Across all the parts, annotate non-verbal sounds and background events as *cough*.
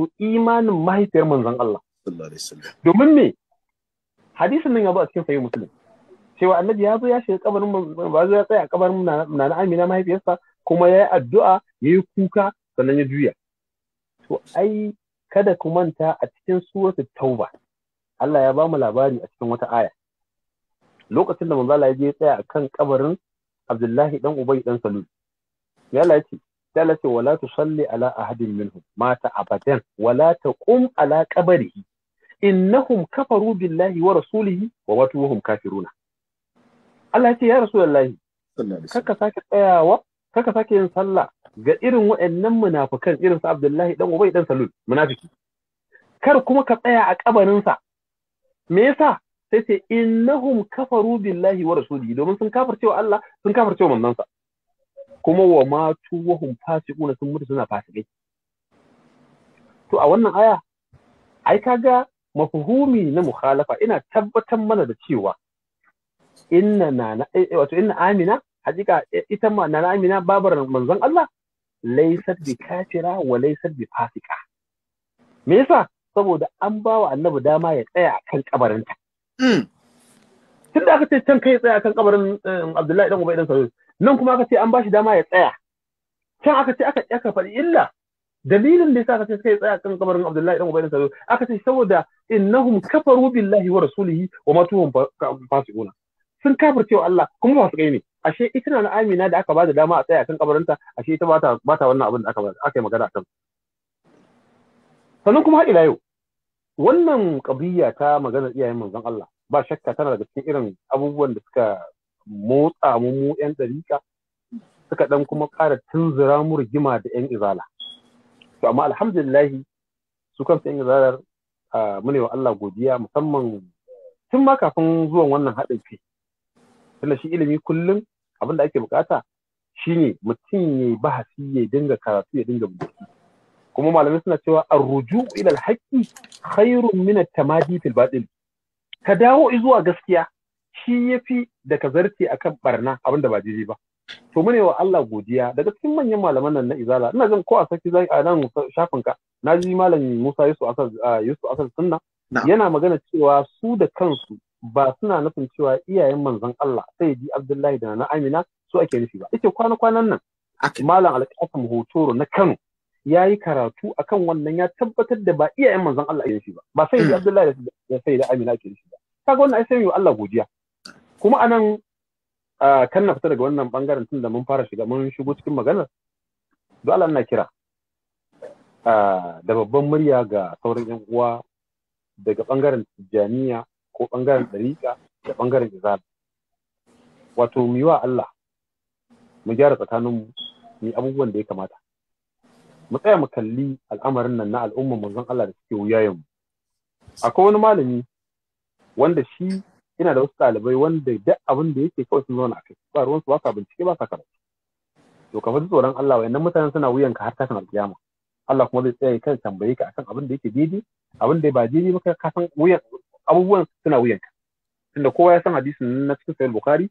to imanin mahaifiyar manzon Allah domin me hadisin nan ya zo a cikin sayi musulun. cewa annabi ya zo ya shiga kabarin ba ya tsaya a kabarin nana Amina mahaifiyarsa kuma ya yi addu'a ya yi kuka sannan ya juya to ai kada ku manta a cikin suratul tauba Allah ya ba mu labari a cikin wata aya lokacin da manzala ya je ya tsaya kan kabarin Abdullahi dan Ubay dan Salul ya Allah ya ce sai Allah ce wala tusalli ala ahadin minhum mata abadan wala taqum ala qabrihi innahum kafaru billahi wa rasulihi wa watuhum kafiruna Allah ce ya rasulullahi kaka sake tsayawa kaka sake yin sallah ga irin wa'annan munafikan irin su Abdullahi dan Ubay dan Salul munafiki kar kuma ka tsaya a kabarin sa me yasa sai ce innahum kafaru billahi wa rasulihi domin sun kafircewa Allah sun kafircewa manzon sa kuma wa matu fasi na sun mutu suna fasikai to a wannan aya ai ga mafuhumi na mukhalafa ina tabbatar mana da cewa inna na eh, eh, wato inna amina hakika eh, ita ma na amina babar manzon Allah laysat bi kafira wa laysat bi fasika me yasa saboda an ba wa annabi dama ya tsaya kan kabarinta hmm. tun da aka ce can kai tsaya kan kabarin Abdullahi dan Ubay dan Salul nan kuma aka ce an bashi dama ya tsaya can aka ce aka aka faɗi illa dalilin da yasa aka ce sai tsaya kan kamarin Abdullahi dan aka ce saboda innahum kafaru billahi wa rasulihi wa matuhum fasiquna sun kafirce wa Allah kuma ba su kai ne ashe ita na Amina da aka da dama a tsaya kan kabarinta ashe ita bata bata wannan abin da aka bada aka yi magana kan? sannan kuma har ila yau wannan kabiya ta magana iyayen manzon Allah ba shakka tana da cikin irin abubuwan da suka motsa mu mu yan dariƙa suka ɗan kuma ƙara tunzura mu rigima da yan izala to amma alhamdulillahi su kansu yan izalar mu ne wa Allah godiya musamman tun ma kafin zuwan wannan haɗin kai tunda shi ilimi kullum abin da ake bukata shine mutum ya bahasi ya dinga karatu ya dinga bincike kuma malamai suna cewa arruju ila alhaqi khairun min at-tamadi fil batil ka dawo zuwa gaskiya shi ya fi da ka zarce kan barna abinda ba daidai ba to mune wa Allah godiya daga cikin manyan malaman nan na izala ina jin ko a saki zai a nan shafin ka na ji malam Musa Yusuf Asar? Yusuf Sunna yana magana cewa su da kansu ba suna nufin cewa iyayen manzon Allah sai ji Abdullahi da na Amina su ake nufi ba Ike kwana kwanan nan malam Alƙasim Hotoro na Kano ya yi karatu akan wannan ya tabbatar da ba iyayen manzon Allah ake nufi ba ba sai ji hmm. Abdullahi da sai da Amina ake nufi ba kaga wannan ai sai Allah godiya kuma anan kan na fita daga wannan bangaren tun da mun fara shiga mun shigo cikin maganar don Allah na kira da babban murya ga sauran yan uwa daga bangaren tijjaniya ko bangaren dariƙa da bangaren izala wato mu wa Allah mu gyara tsakanin mu mu abubuwan da ya kamata mu tsaya mu kalli al'amarin nan na al'umma manzon Allah da suke wuyayen mu akwai wani malami wanda shi ina da wasu ɗalibai wanda duk abin da yake kawai sun zauna a kai ba ruwansu ba ka bincike ba ka karatu to ka fata tsoron Allah Idan mutanen suna wuyan ka har tashin alkiyama Allah kuma zai tsaya kan tambaye ka akan abin da yake daidai abin da ba daidai ba ka san wuyan abubuwan suna wuyan ka tunda kowa ya san hadisin na cikin sahih bukhari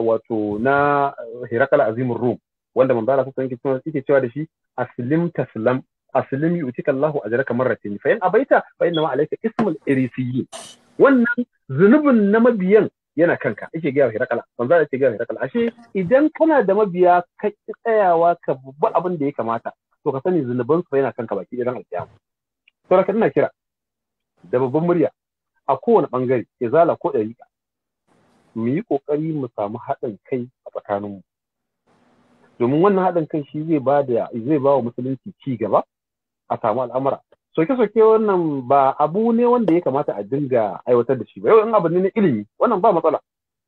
wato na hirakal azimur rum wanda manzo Allah sallallahu alaihi yake cewa da shi aslim taslam aslim yu'tika Allahu ajraka marratayn fa in abaita fa inna ma alayka ismul irisiyin wannan zunubin na mabiyan yana kanka ake gaya wa kala manzo ake gaya wa kala ashe idan kana da mabiya ka ki tsayawa ka bubba abin da ya kamata to ka sani zunubin su yana kanka baki idan alƙiyama to raka ina kira da babban murya a kowane bangare zala ko dariƙa mu yi kokari mu samu haɗin kai a tsakaninmu domin wannan haɗin kai shi zai ba da zai ba wa musulunci ci gaba a samu al'amura soke-soke wannan ba abu ne wanda ya kamata a dinga aiwatar da shi ba yau in abu ne na ilimi wannan ba matsala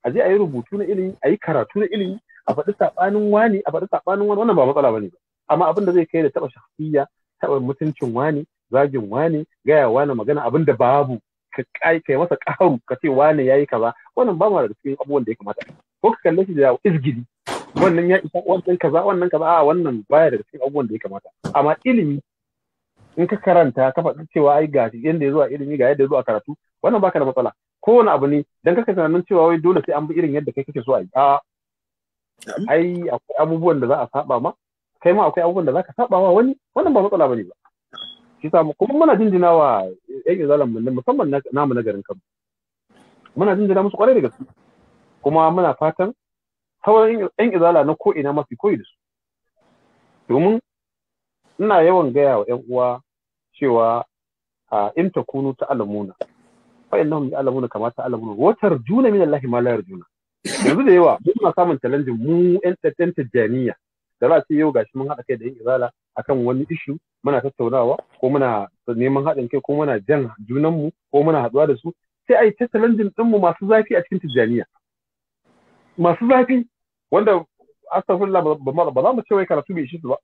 a je a yi rubutu na ilimi a yi karatu na ilimi a faɗi saɓanin wani a faɗi saɓanin wani wannan ba matsala ba ne amma abin da zai kai da taɓa shafiya, taɓa mutuncin wani zagin wani gaya wani magana abin da babu ka kai kai masa ƙaru ka ce wani yi kaza wannan ba mu da cikin abubuwan da ya kamata ko ka kalle shi da izgili wannan ya isa wannan kaza wannan kaza a wannan baya da cikin abubuwan da ya kamata amma ilimi in ka karanta ka faɗi cewa ai ga yadda ya zuwa ilimi ga yadda ya zuwa karatu wannan baka da matsala kowane abu ne dan kaka tunanin cewa wai dole sai an bi irin yadda kai kake so a yi a ai akwai abubuwan da za a saba ma kai ma akwai abubuwan da za ka saba wa wani wannan ba matsala bane ba shi sa kuma muna jinjina wa yan izalan mun musamman namu na garin Kano muna jinjina musu kwarai da gaske kuma muna fatan sauran yan izala na ko ina mafi koyi da su domin ina yawan gaya wa yan uwa cewa a ah, in ta alamuna, fa innahum ya'lamuna kama ta'lamuna wa tarjuna min Allah ma la yarjuna yanzu da yawa muna samun challenge mu yan tattan jami'a da za a ce yau gashi mun haɗa kai da yin izala akan wani ishu muna tattaunawa ko muna neman haɗin kai ko muna jan junanmu ko muna haɗuwa da su sai a yi ta challenging ɗinmu masu zafi a cikin tijjaniya masu zafi wanda astagfirullah ba za mu ce wai karatu bai shi su ba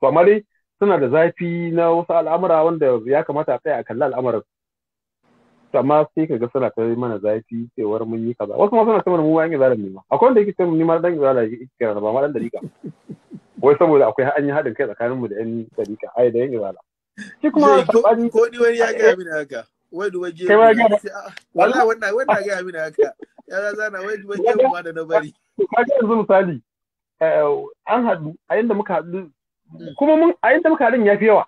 to amma dai suna da zafi na wasu al'amura wanda ya kamata a tsaya a kalli al'amuran to amma sai ga suna ta mana zafi cewar mun yi kaza wasu ma suna mana mu 'yanke yan izala ne ma akwai wanda yake cewa ni ma dan izala yake kira ba ma dan dalika *laughs* wai saboda akwai an yi haɗin kai tsakanin mu da yan dalika ai da yan zala shi kuma ko ni wani ya ga mini haka wai waje je kai ma ga ah, wallahi wannan wannan ga mini haka ya zana wai duwa je mu ma da na bari ka ga yanzu misali eh, an haɗu a yanda muka haɗu Mm. kuma mun a yadda muka ya fi yawa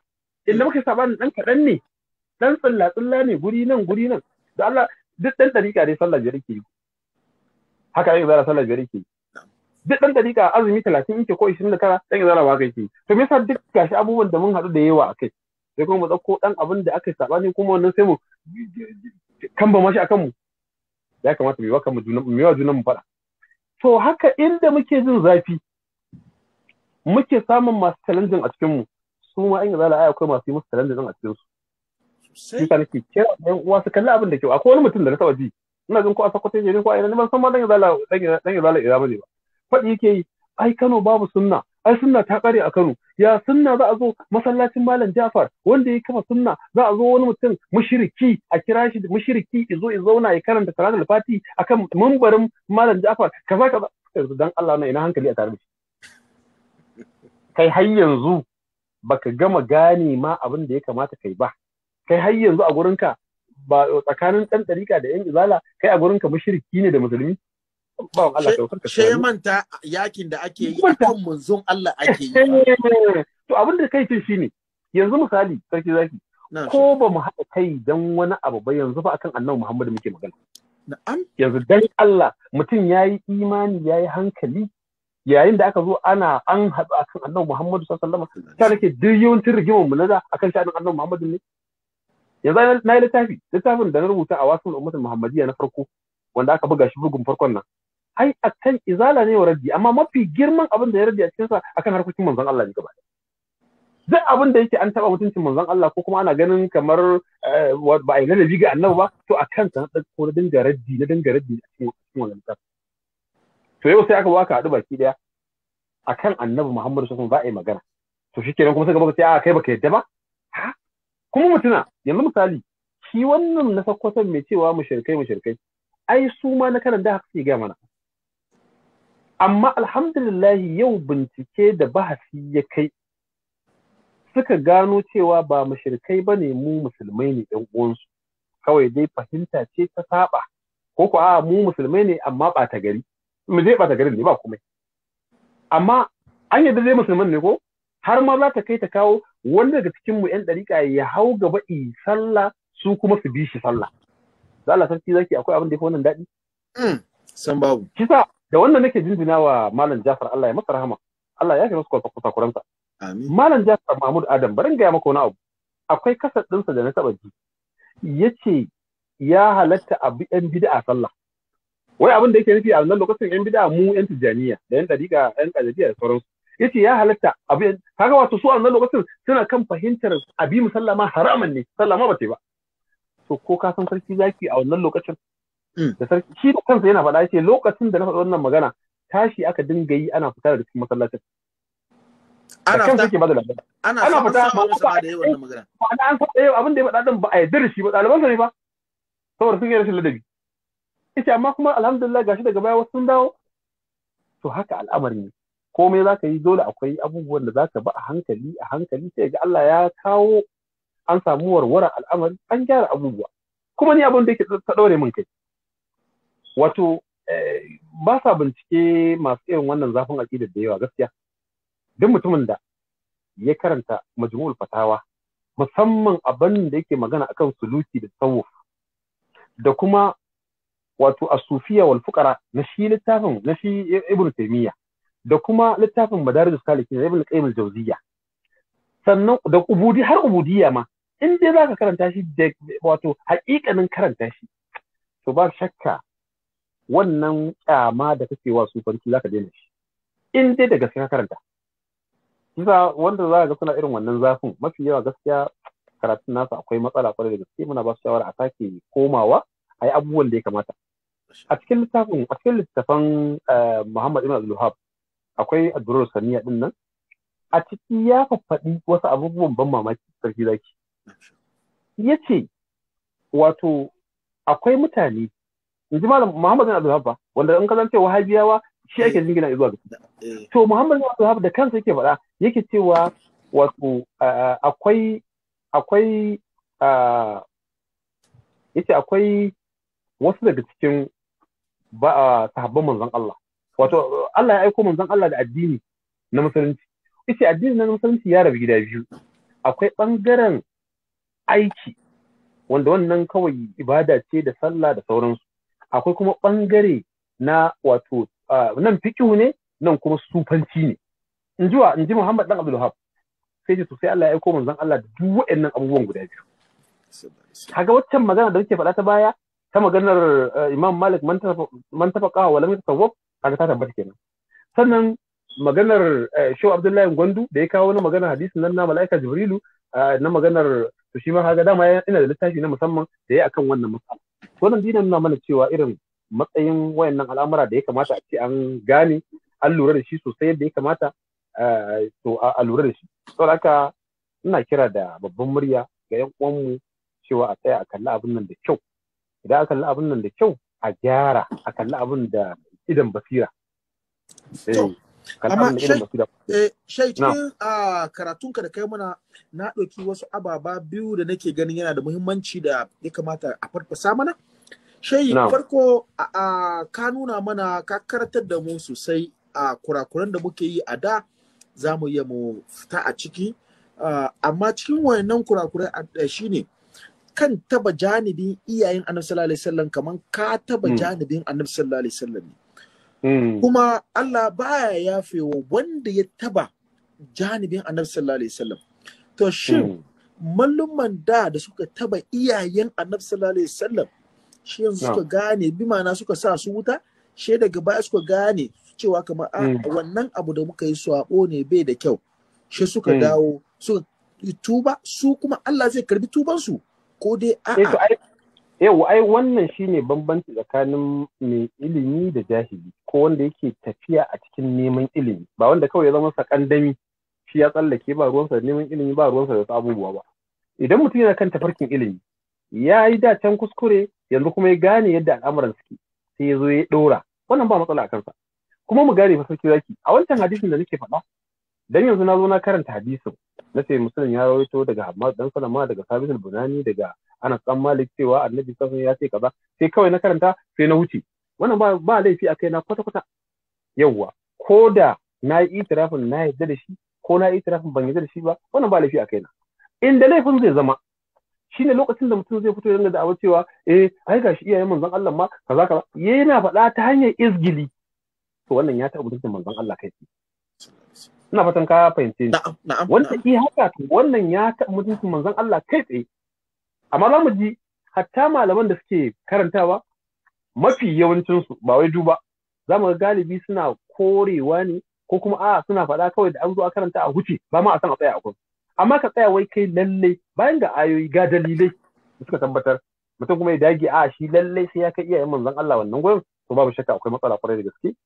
inda muka saba dan kaɗan ne dan tsalla-tsalla ne guri nan guri nan da Allah duk dan dariƙa dai sallar biyar ke yi haka yake zara sallar biyar ke yi duk dan dariƙa azumi talatin yake ko ishirin da tara dan zara ba kai ke yi to me yasa duk gashi abubuwan da mun haɗu da yawa a kai sai kuma mu ɗauko ɗan abin da aka saba ne kuma wannan sai mu kan ba mashi akan mu ya kamata mu yi wa mu yi wa junan mu faɗa to haka inda muke jin zafi muke samun masu talentin a cikinmu su ma in zala ai akwai masu yi musu challenging a cikin su shi ka nake kira ɗan uwa su kalli abin da kyau akwai wani mutum da na taɓa ji ina jin ko a sakwata ne ko a ina ban san ma dan zala dan zala ira ne ba faɗi yake yi ai Kano babu sunna ai sunna ta ƙare a Kano ya sunna za a zo masallacin Malam Jafar wanda ya kama sunna za a zo wani mutum mushriki a kira shi mushriki ya zo ya zauna ya karanta salatul fati akan mumbarin Malam Jafar kaza kaza dan Allah na ina hankali a tare da shi kai har yanzu baka gama gane ma abin da ya kamata kai ba kai har yanzu a gurinka ba tsakanin ɗan ɗarika da yan izala kai a gurinka mushriki ne da musulmi ba Allah daukar ka shi manta yakin da ake yi kan munzon Allah ake yi *laughs* to abin da kai ce shine yanzu misali sarki zaki ko ba mu haɗa kai dan wani abu ba yanzu ba akan Annabi Muhammad muke magana yanzu dan Allah mutum yayi imani yayi hankali yayin da aka zo ana an haɗu akan annabi Muhammadu sallallahu alaihi wasallam ta nake duk yawancin rigimar mu na da akan sha'anin annabi Muhammadu ne yanzu na yi littafi littafin da na rubuta a wasu ummatul muhammadiyya na farko wanda aka buga shi bugun farkon nan ai akan izala ne wa raddi amma mafi girman abin da ya raddi a cikin sa akan harkokin manzon Allah ne gaba duk abin da yake an taba mutuncin manzon Allah ko kuma ana ganin kamar eh, ba a yi ladabi ga annabi ba to akan sa na ko na dinga raddi na dinga raddi a cikin wannan littafin to yau sai aka ba ka haɗu baki daya kan annabi Muhammadu sun a yi magana to kenan kuma sai gaba sai a kai baka yadda ba kuma mutuna yanzu misali shi wannan na sakkwatan mai cewa mushrikai mushrikai ai su ma na kanan da haka suke gaya mana amma alhamdulillah yau bincike da bahasi ya kai suka gano cewa ba mushrikai ba ne mu musulmai ne ɗan uwansu kawai dai fahimta ce ta saba ko ko a mu musulmai ne amma ɓata gari mu je ba ta garin ne ba komai amma an yadda zai musulman ne ko har ma za ta kai ta kawo wani daga cikin mu yan dariƙa ya hau gaba i sallah su kuma su bi shi sallah za Allah sarki zaki akwai abin da yake wannan daɗi hmm, san babu kisa da wannan nake jinjina wa malam Jafar Allah ya masa rahama Allah ya kai masa kusakuransa amin malam Jafar Mahmud Adam barin ga ya maka wani abu akwai kasar ɗinsa da na taɓa ji ce ya halatta a bi bida a sallah wai abin da yake nufi a wannan lokacin yan bid'a mu yan tijaniya da yan dariƙa yan qadiriyya da sauransu yace ya halatta abin kaga wato su a wannan lokacin suna kan fahimtar abi musallama haraman ne sallama ba ce ba to ko ka san sarki zaki a wannan lokacin mm. da sarki shi da kansa yana faɗa yace lokacin da na faɗi wannan magana tashi aka dinga yi ana fita da cikin masallacin ana fita ke bada labari ana fita ba ba da yawan magana ba an san eh, abin da ya faɗa din ba a yarda da shi ba ɗaliban ne ba saboda sun yi rashin ladabi ita amma kuma alhamdulillah gashi daga baya wasu sun dawo to haka al'amari ne komai za ka yi dole akwai abubuwan da za ka bi a hankali a hankali sai ga Allah ya kawo an samu warware al'amari an gyara abubuwa kuma ni abin da yake ta ɗaure min kai wato eh, ba sa bincike masu irin wannan zafin aƙidar da yawa gaskiya duk mutumin da ya karanta majmu'ul fatawa musamman abin da yake magana akan suluki da tasawuf da kuma wato Asufiya sufiya wal fuqara na shi littafin na shi ibnu taymiya da kuma littafin madarijus salikin ibn qayyim al-jawziyya sannan da ubudi har ubudiyya ma in dai zaka karanta shi da wato haƙiƙanin karanta shi to ba shakka wannan kyama da kake wa farki zaka daina shi in dai da gaskiya karanta kisa wanda za ga suna irin wannan zafin mafi yawa gaskiya karatun nasa akwai matsala kwarai da gaske muna ba su shawara a sake komawa a yi abubuwan da ya kamata a cikin littafin a cikin littafan eh, Muhammad Ibn Abdul akwai addurar saniya din nan a ciki ya faɗi wasu abubuwan ban mamaki sarki zaki ya ce wato akwai mutane in ji malam Muhammad Ibn Abdul wanda in ka zance wahabiyawa shi ake eh. jingina zuwa ga eh. to Muhammad Ibn Abdul da kansa yake faɗa yake cewa wato akwai akwai yace akwai wasu daga cikin ba sahabban manzon Allah wato Allah ya aiko manzan Allah da addini na musulunci yace addini na musulunci ya rabu gida biyu akwai ɓangaren aiki wanda wannan kawai ibada ce da sallah da sauransu akwai kuma ɓangare na wato nan fikihu ne nan kuma sufanci ne in ji wa in ji Muhammad dan Abdul sai ji sai Allah ya aiko manzan Allah da duk waɗannan abubuwan guda biyu kaga waccan magana da muke faɗa ta baya ta maganar eh, imam malik man tafaka wa lamar tasawwaf kaga ta tabbata kenan sannan maganar eh, shehu abdullahi gwandu da ya kawo na maganar hadisin nan na mala'ika jibrilu eh, na maganar to shi ma kaga dama ina da littafi na musamman da ya akan wannan matsala wannan dina nuna mana cewa irin matsayin wayannan al'amura da ya kamata a ce an gane an lura da shi sosai yadda ya kamata to a lura da shi saboda haka ina kira da babban murya ga yan uwanmu cewa a tsaya a kalli abin nan da kyau idan aka kalli abin nan da kyau a gyara a kalli abin da idan basira eh, amma shai cikin eh, karatunka da kai mana na ɗauki wasu ababa biyu da nake ganin yana da muhimmanci da ya kamata a farfasa mana shai farko ka nuna mana ka karatar da mu sosai a kurakuran da muke yi a da za mu iya mu fita a ciki amma cikin wannan kurakurai eh, shine kan taba janibin iyayen annabi sallallahu alaihi wasallam kaman ka taba hmm. janibin annabi sallallahu alaihi wasallam ne hmm. kuma Allah baya yafewa wanda ya taba janibin annabi sallallahu alaihi wasallam to shin hmm. malluman da da suka taba iyayen annabi sallallahu alaihi wasallam shi yanzu suka gane bi ma'ana suka sa su wuta shi daga baya suka gane cewa kamar a wannan abu da muka yi swabo ne bai da kyau shi suka dawo suka tuba su kuma Allah zai karbi tubansu ko dai eh, a'a yau ai wannan shi ne bambanci tsakanin mai ilimi da jahili ko wanda yake tafiya a cikin neman ilimi ba wanda kawai ya zama sakandami shi ya tsallake ba ruwansa da neman ilimi ba ruwansa da abubuwa ba idan mutum yana kan tafarkin ilimi ya yi da can kuskure yanzu kuma ya gane yadda al'amuran suke sai ya zo ya ɗora wannan ba matsala a kansa kuma mu gane fa sarki zaki a wancan hadisin da nake faɗa dan yanzu na zo na karanta hadisin na ce musulun ya rawaito daga Hammad dan Salama daga Sabit al-Bunani daga Anas dan Malik cewa Annabi sallallahu ya ce kaza sai kawai na karanta sai na wuce wannan ba ba laifi akai na kwata kwata yawwa ko da na yi itirafin na yarda da shi ko na yi itirafin ban yarda da shi ba wannan ba laifi akai na inda laifin zai zama shine lokacin da mutum zai fito ya da abu cewa eh ai gashi iyayen manzon Allah ma kaza kaza yana faɗa ta hanyar izgili to wannan ya taɓa mutuncin manzon Allah kai ina fatan ka fahimce ni wanda ki haka to wannan ya taɓa mutuncin manzon Allah kai tsaye amma za mu ji hatta malaman da suke karantawa mafi yawancinsu ba wai duba za mu ga galibi suna korewa ne ko kuma a suna faɗa kawai da an zo a karanta a huce ba ma a san a tsaya a kun amma ka tsaya wai kai lalle bayan ga ayoyi ga dalilai da suka tabbatar mutum kuma ya dage a shi lalle sai ya kai iyayen manzon Allah wannan gurin to babu shakka akwai matsala kwarai da gaske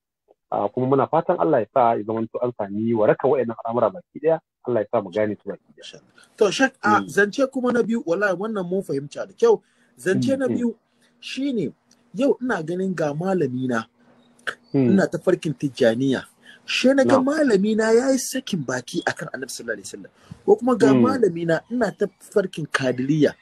Ah, kuma muna fatan Allah ya sa ya zama an sami waraka wa'annan al'amura baki daya Allah ya sa mu gane su baki daya to shek a ah, hmm. zance kuma na biyu wallahi wannan mun fahimta da kyau zance hmm, na hmm. biyu shine yau ina ganin ga malami na ina ta farkin tijjaniya she na ga malami na yayi sakin baki akan Annabi sallallahu alaihi wasallam ko kuma ga malami na ina ta farkin kadiriya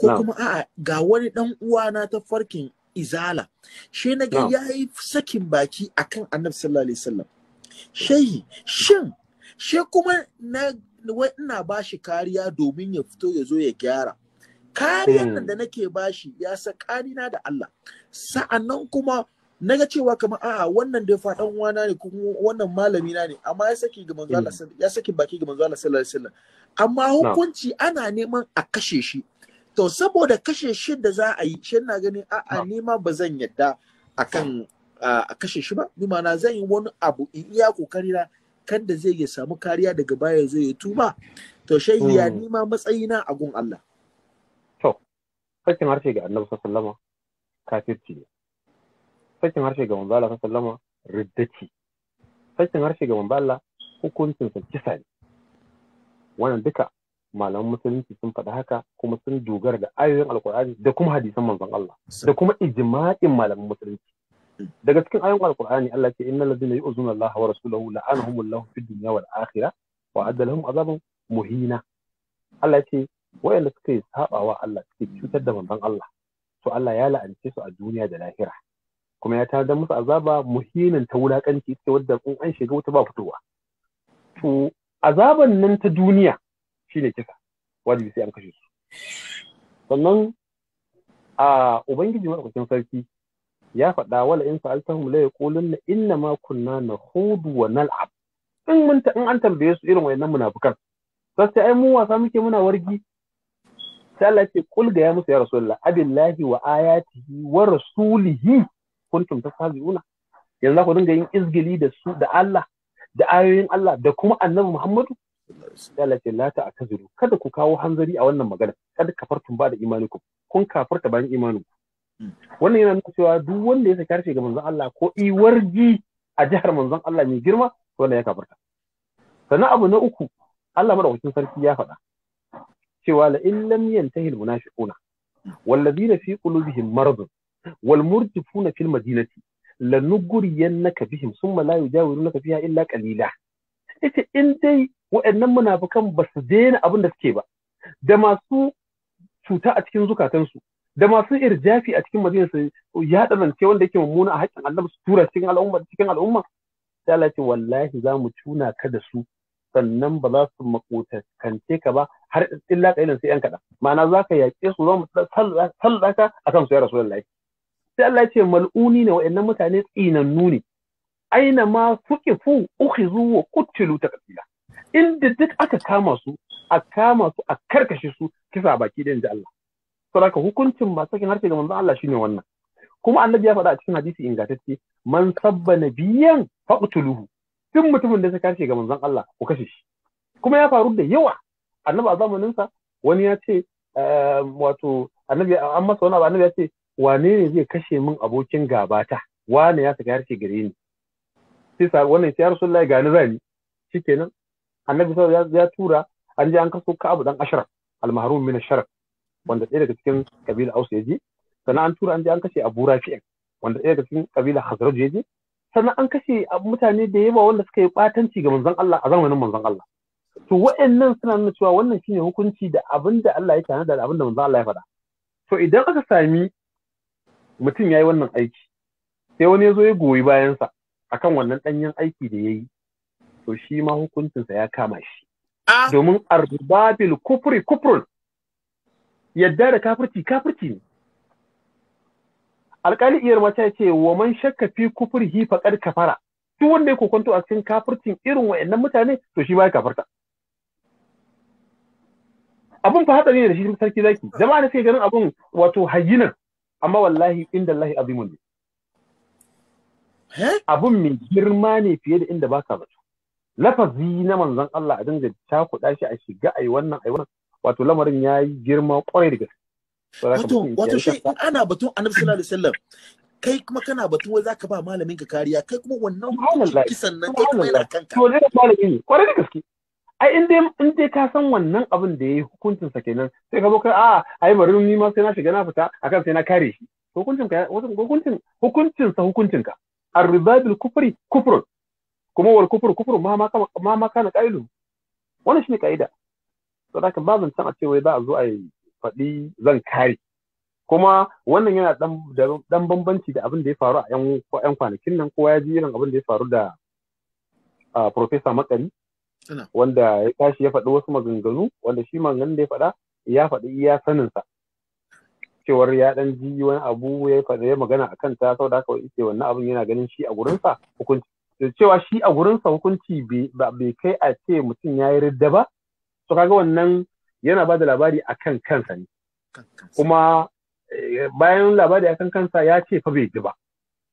ko kuma a'a ga wani dan uwa na ta farkin izala shi na ga yayi sakin baki akan annabi sallallahu alaihi wasallam shehi shin shi kuma na ina bashi kariya domin ya fito ya zo ya gyara kariyan nan hmm. da nake bashi ya tsakanina da Allah sa'annan kuma na ga cewa kamar a'a wannan da faɗan wana ne kuma wannan malami na ne amma ya saki ga manzo Allah hmm. ya saki baki ga manzo Allah sallallahu alaihi wasallam amma hukunci ana neman a kashe shi to saboda kashe shi da za a yi shi na gani, a'a a ah. ma ba zan yadda kan a kashe shi ba ni mana zan yi wani abu in iya kokari na kan da zai ya samu kariya daga baya zai ya tuba to shehi ya hmm. nema matsayi na, agun Allah to sakin harshe ga Annabi sallallahu kafirci ne sakin harshe ga manzo Sallama riddaci sakin harshe ga manzo hukuncinsa kisa ne wannan duka malaman musulunci sun faɗi haka kuma sun dogara da ayoyin alkur'ani da kuma hadisan manzon Allah da kuma ijma'in malaman musulunci daga cikin ayoyin alkur'ani Allah ce innal ladina yu'zuna Allah wa rasulahu la'anahumullahu fid dunya wal akhirah wa adda azaban muhina Allah ce wayanda suka yi sabawa Allah suke cutar da manzon Allah to Allah ya la'ance su a duniya da lahira kuma ya tada musu azaba muhinin ta wulakanci ce wadda in an shiga wuta ba fitowa to azaban nan ta duniya Shi ne kisa wajibi sai an kashe su sannan a ubangiji madaukakin sarki ya faɗa wala in sa'altahum la inna ma kunna nahudu wa nal'ab in mun in an tambaye su irin wayannan munafikan sai ai mu wasa muke muna wargi sai Allah ce kul ga ya musu ya rasulullah abillahi wa ayatihi wa rasulihi kuntum tastahzi'una yanzu ku dinga yin izgili da su da Allah da ayoyin Allah da kuma annabi Muhammadu Allah ce la ta kada ku kawo hanzari a wannan magana kada ka kafartun ba da imaninku, kun kafarta bayan imaninku wannan yana nuna cewa duk wanda ya saki harshe ga manzon Allah ko iwarji a jihar manzon Allah mai girma to wannan ya kafarta sannan abu na uku Allah madaukakin sarki ya faɗa cewa la in lam yantahi al munafiquna والذين في قلوبهم مرض والمرجفون في المدينة لنغرينك بهم ثم لا يجاورونك فيها illa قليلا ita in dai waɗannan munafukan ba su daina abin da suke ba da masu cuta a cikin zukatansu da masu irjafi a cikin madina su yaɗa ce wanda yake mummuna a haƙƙin Allah su tura cikin al'umma cikin al'umma sai Allah ce wallahi za mu tuna ka da su sannan ba za su makotakance ka ba har illa kailan sai yan kaɗan ma'ana za ka yaƙe su za mu sallaka a kan su ya rasulullahi sai Allah ce mal'uni ne wa'annan mutane tsinannu ne aina ma suke fu fuqifu zuwa wa qutilu taqtila inda duk aka kama su a kama su a karkashe su kisa baki da inji Allah saboda hukuncin ba sakin harshe ga manzo Allah shine wannan kuma annabi ya faɗa a cikin hadisi ingantacce man sabba nabiyan faqtuluhu duk mutumin da ya karshe ga manzon Allah ku kashe shi kuma ya faru da yawa annabi a zamanin sa wani ya ce eh, wato annabi an masa wani abu annabi ya ce wane ne zai kashe min abokin gabata wane ya saka harshe gare ni sai sa wannan sai rasulullahi ga ni zani shikenan annabi sai ya tura an je an kaso ka'abu dan ashraf al-mahrum min ash wanda ɗaya daga cikin kabila aus ya je sannan an tura an je an kashe abu Rafi' wanda ɗaya daga cikin kabila hazraj ya je sannan an kashe mutane da yawa wanda suka yi batanci ga manzon Allah a zamanin manzon Allah to wa'annan suna nuna cewa wannan shine hukunci da abin da Allah ya tanada da abin da manzon Allah ya faɗa to idan aka sami mutum ya yi wannan aiki sai wani ya zo ya goyi bayansa akan wannan ɗanyen aiki da ya yi to shi ma hukuncinsa ya kama shi ah. domin arbabil kufri kufrun yadda da kafirci kafirci ne alƙali iyar mata ce wa man shakka fi kufri hi kafara duk wanda ya kokonto a cikin kafircin irin wayannan mutane to shi ba ya kafarta. abun fa hatsari ne da shi sarki zaki jama'a da suke ganin abun wato hayyinar. amma wallahi inda Allah azimun ne Eh? abun mai girma ne fiye da inda baka zato lafazi na manzon Allah a dinga cakuɗa shi a shiga ai wannan ai wannan wato lamarin ya yi girma kwarai da gaske wato wato shi in ana batun annabi sallallahu alaihi wasallam kai kuma kana batun wai zaka ba malamin ka kariya kai kuma wannan kisan nan kai kuma yana kanka to ne malami ne kwarai da gaske ai in dai in dai ka san wannan abin da yayi hukuncin sa kenan sai ka zo ka a ah, ai bari ni ma sai na shiga na fita akan sai na kare shi hukuncin ka hukuncin hukuncin sa hukuncin ka ar kufri kufrun kuma wal kufru kufrun ma ma ma kana qailu wannan shine kaida to da ba zan san a ce wai za a zo a faɗi zan kare kuma wannan yana dan bambanci da abin da ya faru a yan kwanakin nan kowa ya ji irin abin da ya faru da Profesa Makari wanda ya tashi ya faɗi wasu maganganu wanda shi maganganun da ya faɗa ya faɗi iya saninsa cewar ya dan ji wani abu ya faɗa ya magana a kanta saboda haka ce wannan abun yana ganin shi a gurinsa hukunci cewa shi a gurinsa hukunci bai kai a ce mutum ya yi ridda ba to kaga wannan yana ba da labari akan kansa ne kuma eh, bayan labari akan kansa ya ce fa bai ji ba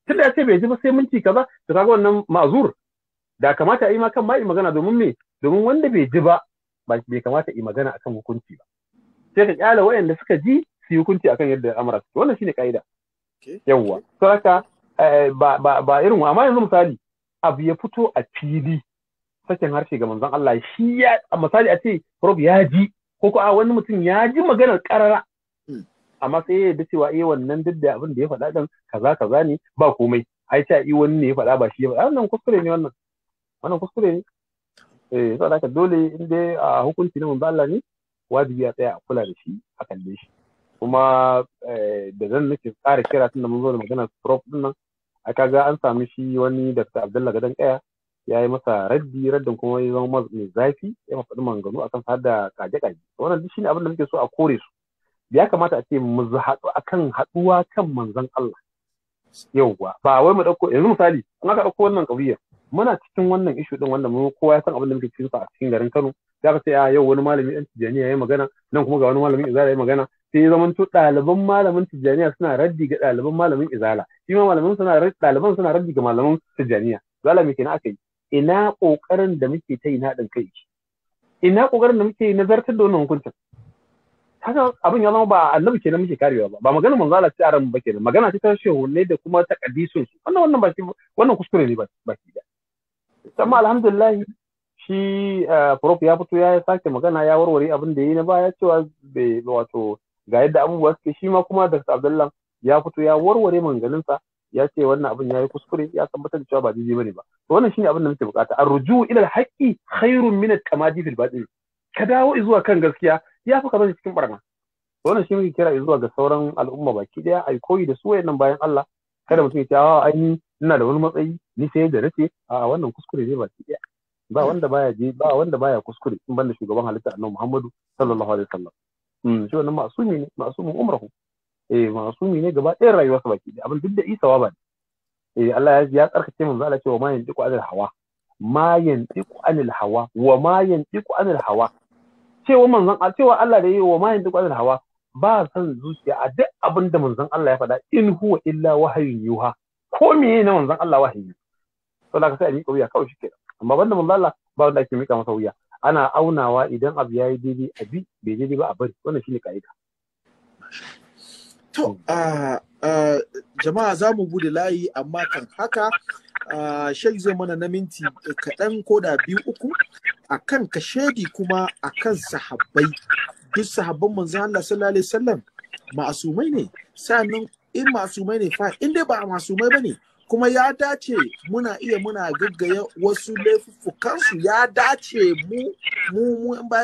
tunda ya ce bai ji ba sai minti kaza to kaga wannan ma'zur da kamata a yi ma kan ma'i magana domin me domin wanda bai ji ba bai kamata yi magana akan hukunci ba sai ka kyala waɗanda suka ji su yi hukunci akan yadda amara su wannan shine ka'ida yawwa saka eh, ba irin amma yanzu misali abu ya fito a fili sakin harshe ga manzon Allah shi ya misali a ce prof ya ji ko ko a wani mutum ya ji maganar karara hmm. amma sai ya yadda cewa eh wannan duk da abin da ya faɗa din kaza kaza ne ba komai ai ta yi wani ne ya faɗa ba shi ya faɗa wannan kuskure ne wannan wannan kuskure ne eh saboda haka dole in dai a hukunci na manzon Allah ne wajibi ya tsaya a kula da shi a kalle shi kuma eh, da zan nake tsara kira tun da mun zo da magana prof din nan a kaga an samu shi wani dr abdullahi gadan kaya ya yi masa raddi raddin kuma ya zama mai zafi ya ma faɗi maganganu akan sa da kaje-kaje wannan duk shine abin da muke so a kore su ya kamata a ce mu haɗu akan haɗuwa kan manzon Allah yauwa ba wai mu ɗauko yanzu misali an aka ɗauko wannan ƙabiyar muna cikin wannan ishu din wanda mu kowa ya san abin da muke cikin a cikin garin Kano ya ka ce a ah, yau wani malami ɗan Tijjaniya ya yi magana nan kuma ga wani malami Izara ya yi magana sai zama to ɗaliban malamin tijjaniya suna raddi ga ɗaliban malamin izala shi ma malamin suna ɗaliban suna raddi ga malamin tijjaniya zala me kenan aka yi ina ƙoƙarin da muke ta yi na ɗin kai ina ƙoƙarin da muke nazartar da wannan hukuncin haka abin ya zama ba annabi kenan muke karewa ba ba magana manzo Allah sai aran ba kenan magana ce ta ne da kuma ta kadisun su wannan wannan baki wannan kuskure ne shi da amma alhamdulillah shi eh, prof ya fito ya sake magana ya warware abin da yi na baya cewa bai wato ga yadda abubuwa suke shi ma kuma Dr. Abdullah ya fito ya warware manganinsa ya ce wannan abin ya yi kuskure ya tabbatar da cewa ba daidai bane ba to wannan shine abin da muke bukata arruju ila alhaqi khairun min atamadi fil batil ka dawo zuwa kan gaskiya ya fi kamar cikin barna wannan shi muke kira zuwa ga sauran al'umma baki daya ai koyi da su wayannan bayan Allah kada mutum ya ce a ai ina da wani matsayi ni sai da nace a wannan kuskure ne baki daya ba wanda baya je ba wanda baya kuskure in banda shugaban halitta annabi Muhammadu sallallahu alaihi wasallam Mm. shi wannan masumi ne masumin umrahu eh masumi ne gaba ɗayan rayuwarsa baki da abin duk da isa ba ne eh Allah ya ya tsarkace manzo Allah cewa ma yantiqu anil hawa ma yantiqu anil hawa wa ma yantiqu anil hawa cewa manzon cewa Allah da yi wa ma yantiqu anil hawa ba san zuciya a duk abin da manzon Allah ya faɗa in huwa illa wahayin yuha ko meye na manzon Allah wahayi to da ka sai a miƙa wuya kawai shi kenan amma banda manzon Allah ba wanda ake miƙa masa wuya ana aunawa idan abu ya yi daidai a bi bai daidai ba a bari wannan ne ka'ida to hmm. ah, ah, jama'a za mu bude layi amma kan haka ah, shek zai mana na minti kaɗan ko da biyu uku a kan kashedi kuma a kan sahabbai duk sahabban manzan Allah sallallahu alaihi wasallam ma'asumai ne sannan in ma'asumai ne fa in dai ba masumai bane kuma ya dace muna iya muna gaggaya wasu laifuffukansu ya dace mu mu mu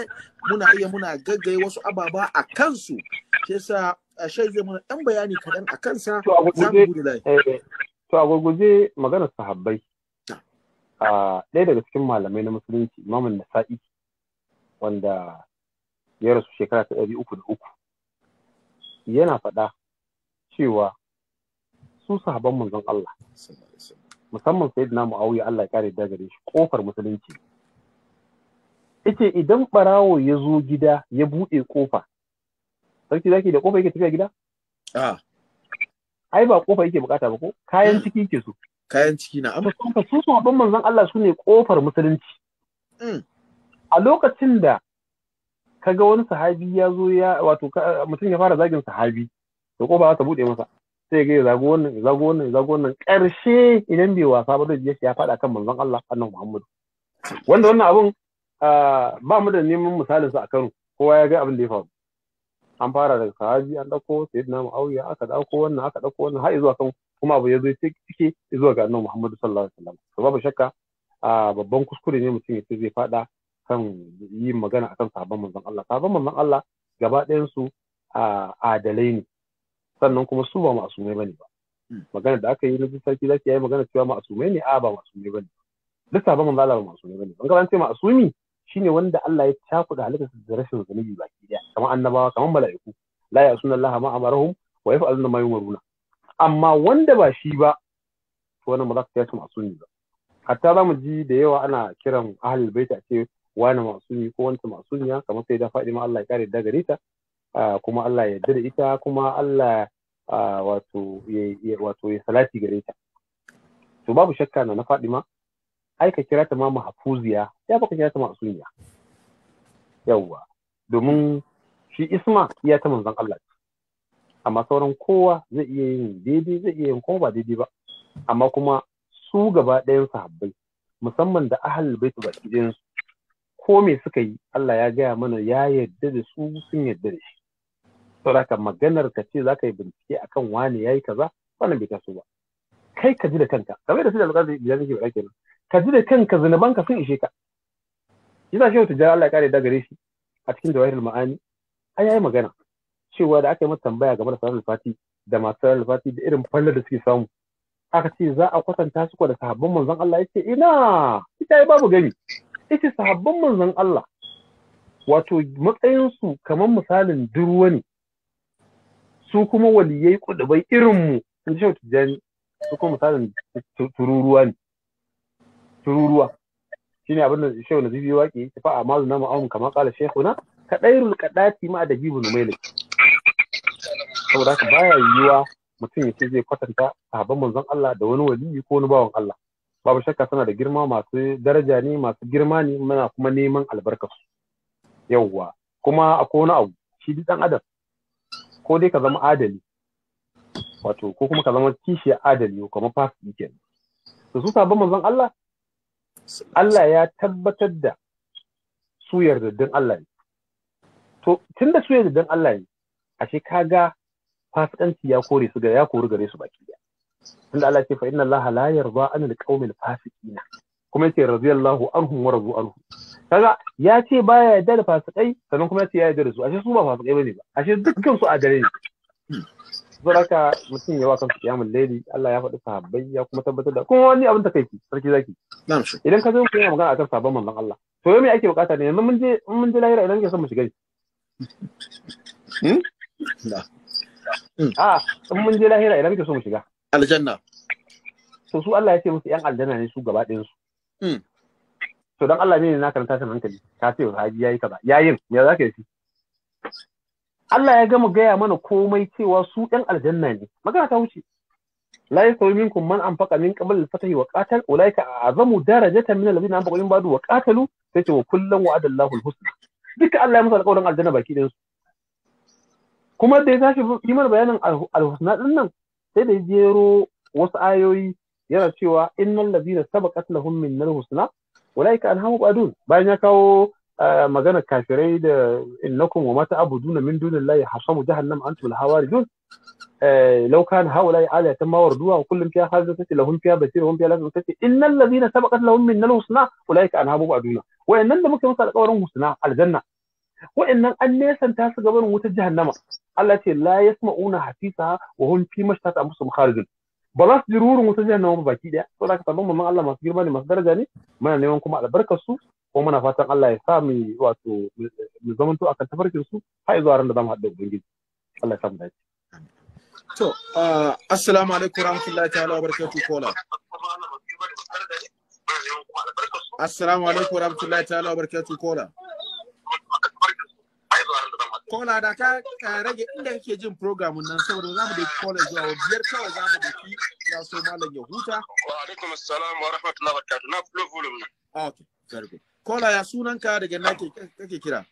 muna iya muna gaggaya wasu ababa a kansu shi sa a shai zai muna ɗan bayani kaɗan a kansa za mu gudu lai. Eh, to a gurguje maganar sahabbai. Ɗaya daga cikin malamai na musulunci Imam Nasa'i wanda ya rasu shekara ta ɗari uku da uku yana faɗa cewa su sahabban manzon Allah musamman sayyidina Muawiya Allah ya kare da gare shi kofar musulunci yace idan barawo ya zo gida ya buɗe kofa sarki zaki da kofa yake tafiya gida a ai ba kofa yake bukata ba ko kayan ciki yake so kayan ciki na amma su sahabban manzon Allah su ne kofar musulunci mm. a lokacin da kaga wani sahabi ya zo ya wato mutum ya fara zagin sahabi da kofa za ta buɗe masa sai ga zago wannan zago wannan zago karshe idan bai wasa ba zai je ya faɗa kan manzon Allah annabi Muhammadu wanda wannan abun ba mu da neman misalin sa a Kano kowa ya ga abin da ya faru an fara daga sahabi an dauko sayyidina Muawiya aka dauko wannan aka dauko wannan har zuwa kan kuma abu ya zo cike zuwa ga annabi Muhammadu sallallahu alaihi wasallam to babu shakka babban kuskure ne mutum ya ce zai faɗa kan yin magana akan sahabban manzon Allah sahabban manzon Allah gaba ɗayan su adalai ne sannan kuma su ba masumai bane ba hmm. magana da aka yi na sarki zaki yayi magana cewa masumai ne a ba masumai bane duk sabon manzo Allah ba masumai bane ban ga an ce masumi shine wanda Allah ya da halittar da rashin zunubi baki daya kamar annabawa kamar mala'iku la ya'suna Allah ma amarahum wa yaf'aluna ma yumaruna amma wanda ba shi ba to wannan ba za ka ce masumi ba hatta za mu ji da yawa ana kiran ahlul bait a ce wani masumi ko wanta masumiya kamar sai da faɗi ma Allah ya kare da gare ta kuma Allah ya da ita kuma Allah wato ya salati gare ta to babu shakka na na Fadima ai ka kira ta ma mahfuziya ya baka kira ta ma masumiya yawwa domin shi isma iya ta manzon Allah amma sauran kowa zai iya yin daidai zai iya yin kuma ba daidai ba amma kuma su gaba ɗayan sahabbai musamman da ahal baitu baki ɗayan su ko me suka yi Allah ya gaya mana ya yarda da su sun yarda da shi saboda maganar ka ce zaka yi bincike akan wani yayi kaza wannan bai taso ba kai ka ji da kanka kamar da su da alƙazi biyar nake faɗa kenan ka ji da kanka zinuban ka sun ishe ka yana shehu tijjani Allah ya kare da gare shi a cikin jawahirul ma'ani ai yayi magana cewa da aka yi masa tambaya game da salatul fati da masu salatul fati da irin fallar da suke samu aka ce za a kwatanta su da sahabban manzon Allah yace ina ita ai babu gani ita sahabban manzon Allah wato matsayinsu kamar misalin durwa ne su kuma waliyai kudubai irinmu sun ce tijjani su kuma misalin tururuwa ne tururuwa shine abin da shehu na zibi waƙi ya fa'a amma zuna ma'amun kamar ƙala shehu na kadairul ma da jibu numaili saboda haka baya yiwuwa mutum ya ce zai kwatanta sahabban manzon Allah da wani waliyi ko wani bawan Allah babu shakka suna da girma masu daraja ne masu girma ne muna kuma neman albarkarsu yawwa kuma akwai wani abu shi dan adam ko dai ka zama adali wato ko kuma ka zama kishiyar adali ko kuma fasiki kenan to su sabon manzon Allah Allah ya tabbatar da su yardaddin Allah ne to tunda su yardaddin Allah ne ashe ga fasikanci ya kore su ga ya kori gare su baki da? tunda Allah ya ce fa inna Allah la yarda an alqawmil fasiqina kuma yace radiyallahu anhum wa radu arhu. kaga ya ce baya yarda da fasikai sannan kuma ya ce ya yarda da su ashe su ba fasikai bane ba ashe dukkan su dare ne saboda ka mutum ya wa ya mun laili Allah ya faɗi sahabbai ya kuma tabbatar da kuma wani abin takaici, sarki zaki idan ka zo ku yana magana akan sabon manzon Allah to yau me ake bukata ne yanzu mun je mun je lahira idan ke son mu shiga hmm? Hmm. a in mun je lahira idan so mu shiga aljanna to su Allah ya ce musu yan aljanna ne su gaba ɗayan su hmm. to dan Allah ne na karanta ta hankali ka ce haji yayi kaza yayin ya zaka yi Allah ya gama gaya mana komai cewa su ɗan aljanna ne magana ta wuce la yasawi minkum man anfaqa min qabl al fatahi wa qatal ulaika a'zamu darajatan min alladhina anfaqu min ba'du wa qatalu sai ce wa kullun wa'ada Allahu al-husna duka Allah ya musu alƙawarin aljanna baki ɗin su kuma da ya tashi yi mana bayanin al-husna din nan sai da ya jero wasu ayoyi yana cewa innal ladina sabaqat lahum min al-husna ulaika anhamu badun bayan ya kawo eh, magana kafirai da innakum wa mata abuduna min dunillahi hasamu jahannam antum alhawarijun eh, law kana haula aliyatan ma warduha wa kullum fiha hazatati lahum fiha basirun fiha lazim tati innal ladina sabaqat lahum min alhusna ulaika anhamu baduna wa'annan da muke musu alƙawarin husna aljanna wa'annan an ta su gaban wutar jahannama Allah ce la yasma'una Hafisa wa hum fi mashtat anfusum kharijun ba za su ji rurin wasu jahannama ba baki so saboda ka sabon mamman Allah masu girma ne masu daraja ne muna neman kuma albarkar su ko muna fatan Allah ya sa mu wato mu zamanto akan tafarkin su har zuwa ran da zamu haɗa ubangiji Allah ya sa mu dace to assalamu alaikum warahmatullahi ta'ala wabarakatuh kola assalamu alaikum warahmatullahi ta'ala wabarakatuh kola kola da ka rage inda kake jin program nan saboda za mu da kola zuwa biyar kawai za mu da ki ya so malam ya huta wa alaikum assalam wa rahmatullahi wa barakatuh na flow volume na okay very good kola ya sunan ka daga na kake kira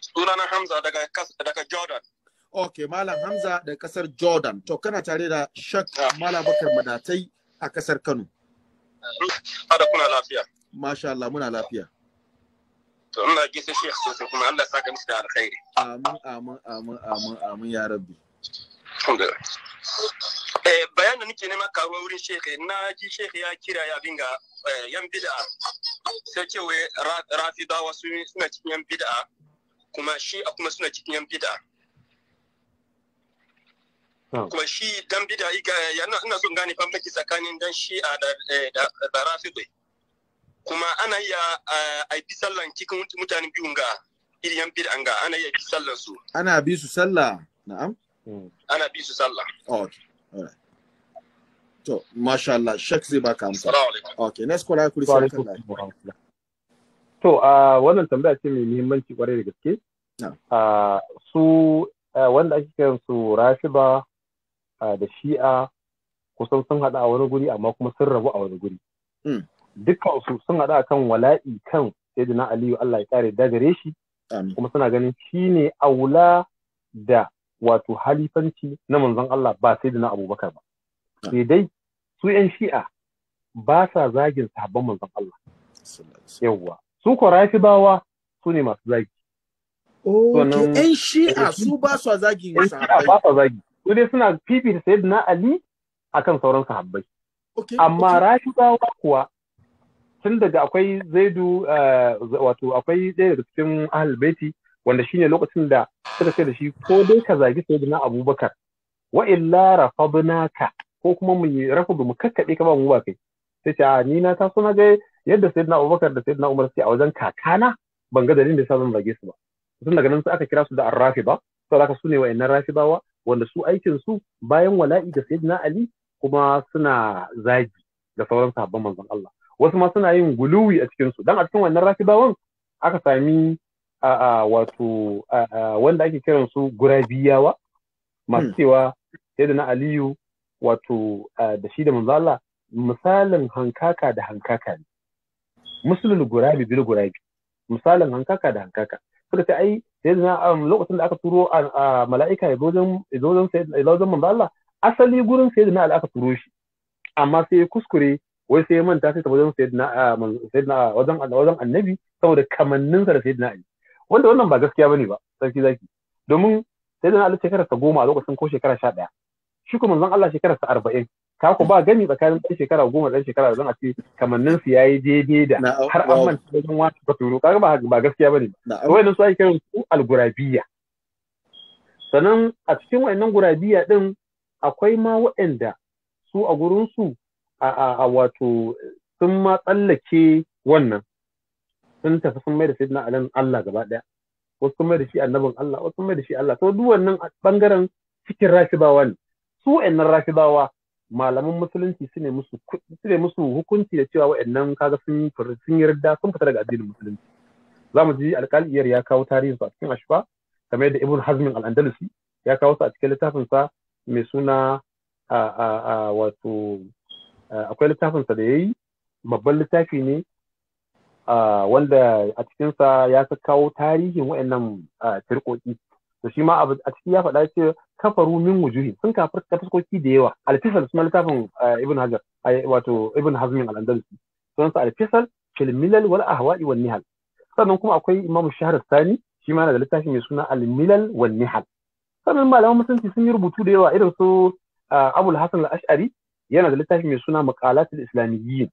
sunan hamza daga daga jordan okay malam hamza daga kasar jordan to kana tare da shak ah. malam bakar madatai a kasar kano da kuna lafiya masha Allah muna lafiya to ina gaishe shi sosai kuma Allah saka mishi da alkhairi amin amin amin amin amin ya rabbi eh bayan da nake nema karuwa wurin shekhe na ji shekhe ya kira ya binga eh, yan bid'a sai ce wai rafidawa suna cikin yan bid'a kuma shi a kuma suna cikin yan bid'a oh. kuma shi dan bid'a ina son gane bambanci tsakanin dan shi'a da eh, da rafidai kuma ana iya eh, a bi sallan cikin mutane biyun ga iriyan bid'an ga ana iya bi sallan su ana bi su sallah na'am hmm. ana bi su sallah oh, okay all right to masha Allah shek zai baka amsa okay next kwara kuri sai to a ah, wannan tambaya ce mai muhimmanci kwarai da gaske a ah, su eh, wanda ake kiran su Rashiba ah, da Shi'a kusan sun hada a wani guri amma kuma sun rabu a wani guri hmm. dukkan su sun haɗa kan wala'i kan na aliyu Allah ya kare da gare shi kuma suna ganin shine aula da wato halifanci na manzon Allah ba na abubakar ba sai dai su yan shi'a ba sa zagin sahabban manzon Allah yawwa su ko bawa su ne masu zagi Okay, ‘yan shi'a su ba su zagi ‘yan shi'a ba su zagi, su dai suna fifita sayyidina Ali akan sauran sahabbai. amma rashidawa kuwa tun daga akwai zaidu eh, wato akwai ɗaya daga cikin ahal baiti wanda shine lokacin da suka ce da shi ko dai ka zagi sayyidina abubakar wa illa ka ko kuma mu rafa mu kakkaɓe ka ba mu ba kai sai ce a ni na taso na ga yadda sayyidina abubakar da sayyidina umar suke a wajen kakana ban ga dalilin da yasa zan zage su ba tun daga nan sai aka kira su da arrafiba aka su ne rafi rafibawa wanda su aikin su bayan wala'i da sayyidina ali kuma suna zagi da sauran sahabban manzon Allah wasu ma suna yin guluwi a cikin su dan a cikin wannan rakibawan aka sami a wato wanda ake kiran su gurabiyawa masu hmm. cewa yadda na aliyu wato da shi da manzala misalin hankaka da hankaka ne musulun gurabi bil gurabi misalin hankaka da hankaka suka ce ai sai na um, lokacin da aka turo a mala'ika ya sai wajen manzo manzala asali gurin sai na aka turo shi amma sai ya kuskure wai sai ya manta sai ta wajen sayyidina ah, sayyidina wajen wajen annabi saboda kamannin sa da sayyidina ali wanda wannan ba gaskiya bane ba sarki zaki domin sayyidina ali shekara ta goma a lokacin ko shekara sha ɗaya shi kuma manzon Allah shekara ta arba'in ka ku ba gani tsakanin ɗan shekara goma da ɗan shekara da a ce kamannin su yayi daidai da har an manta wajen wani baturu kaga ba ba gaskiya bane ba nan su ake kiran su algurabiya sannan a cikin wayannan gurabiya din akwai ma waɗanda su a gurin su a wato sun ma tsallake wannan sun tafi sun mai da sayyidina na Allah gaba ɗaya, wasu sun mai da shi annabin Allah wasu sun mai da shi Allah to duk wannan bangaren cikin rashibawa ne su wa'annan rashibawa malaman musulunci su ne musu su ne musu hukunci da cewa wa'annan kaga sun sun yarda sun fita daga addinin musulunci za mu ji alƙaliyar ya kawo tarihin su a cikin ashfa kamar yadda ibn hazmin al-andalusi ya kawo su a cikin littafin sa mai suna a a a wato Eh, akwai littafinsa da ya yi babban littafi ne eh, wanda a cikinsa ya kawo tarihin waɗannan eh, firkoki to shi ma a ciki ya faɗa ce kafaru min wujuhi sun kafar ta fuskoki da yawa alfisal suna littafin ibn hajar wato ibn hazmin al-andalusi sa alfisal fil wala wal ahwa'i wan nihal sannan kuma akwai imam shahar sani shi ma yana da littafi mai suna al-milal wan nihal sannan malaman musulunci sun yi rubutu da yawa irin su abul hasan al-ash'ari yana da littafi mai suna makalatul islamiyyin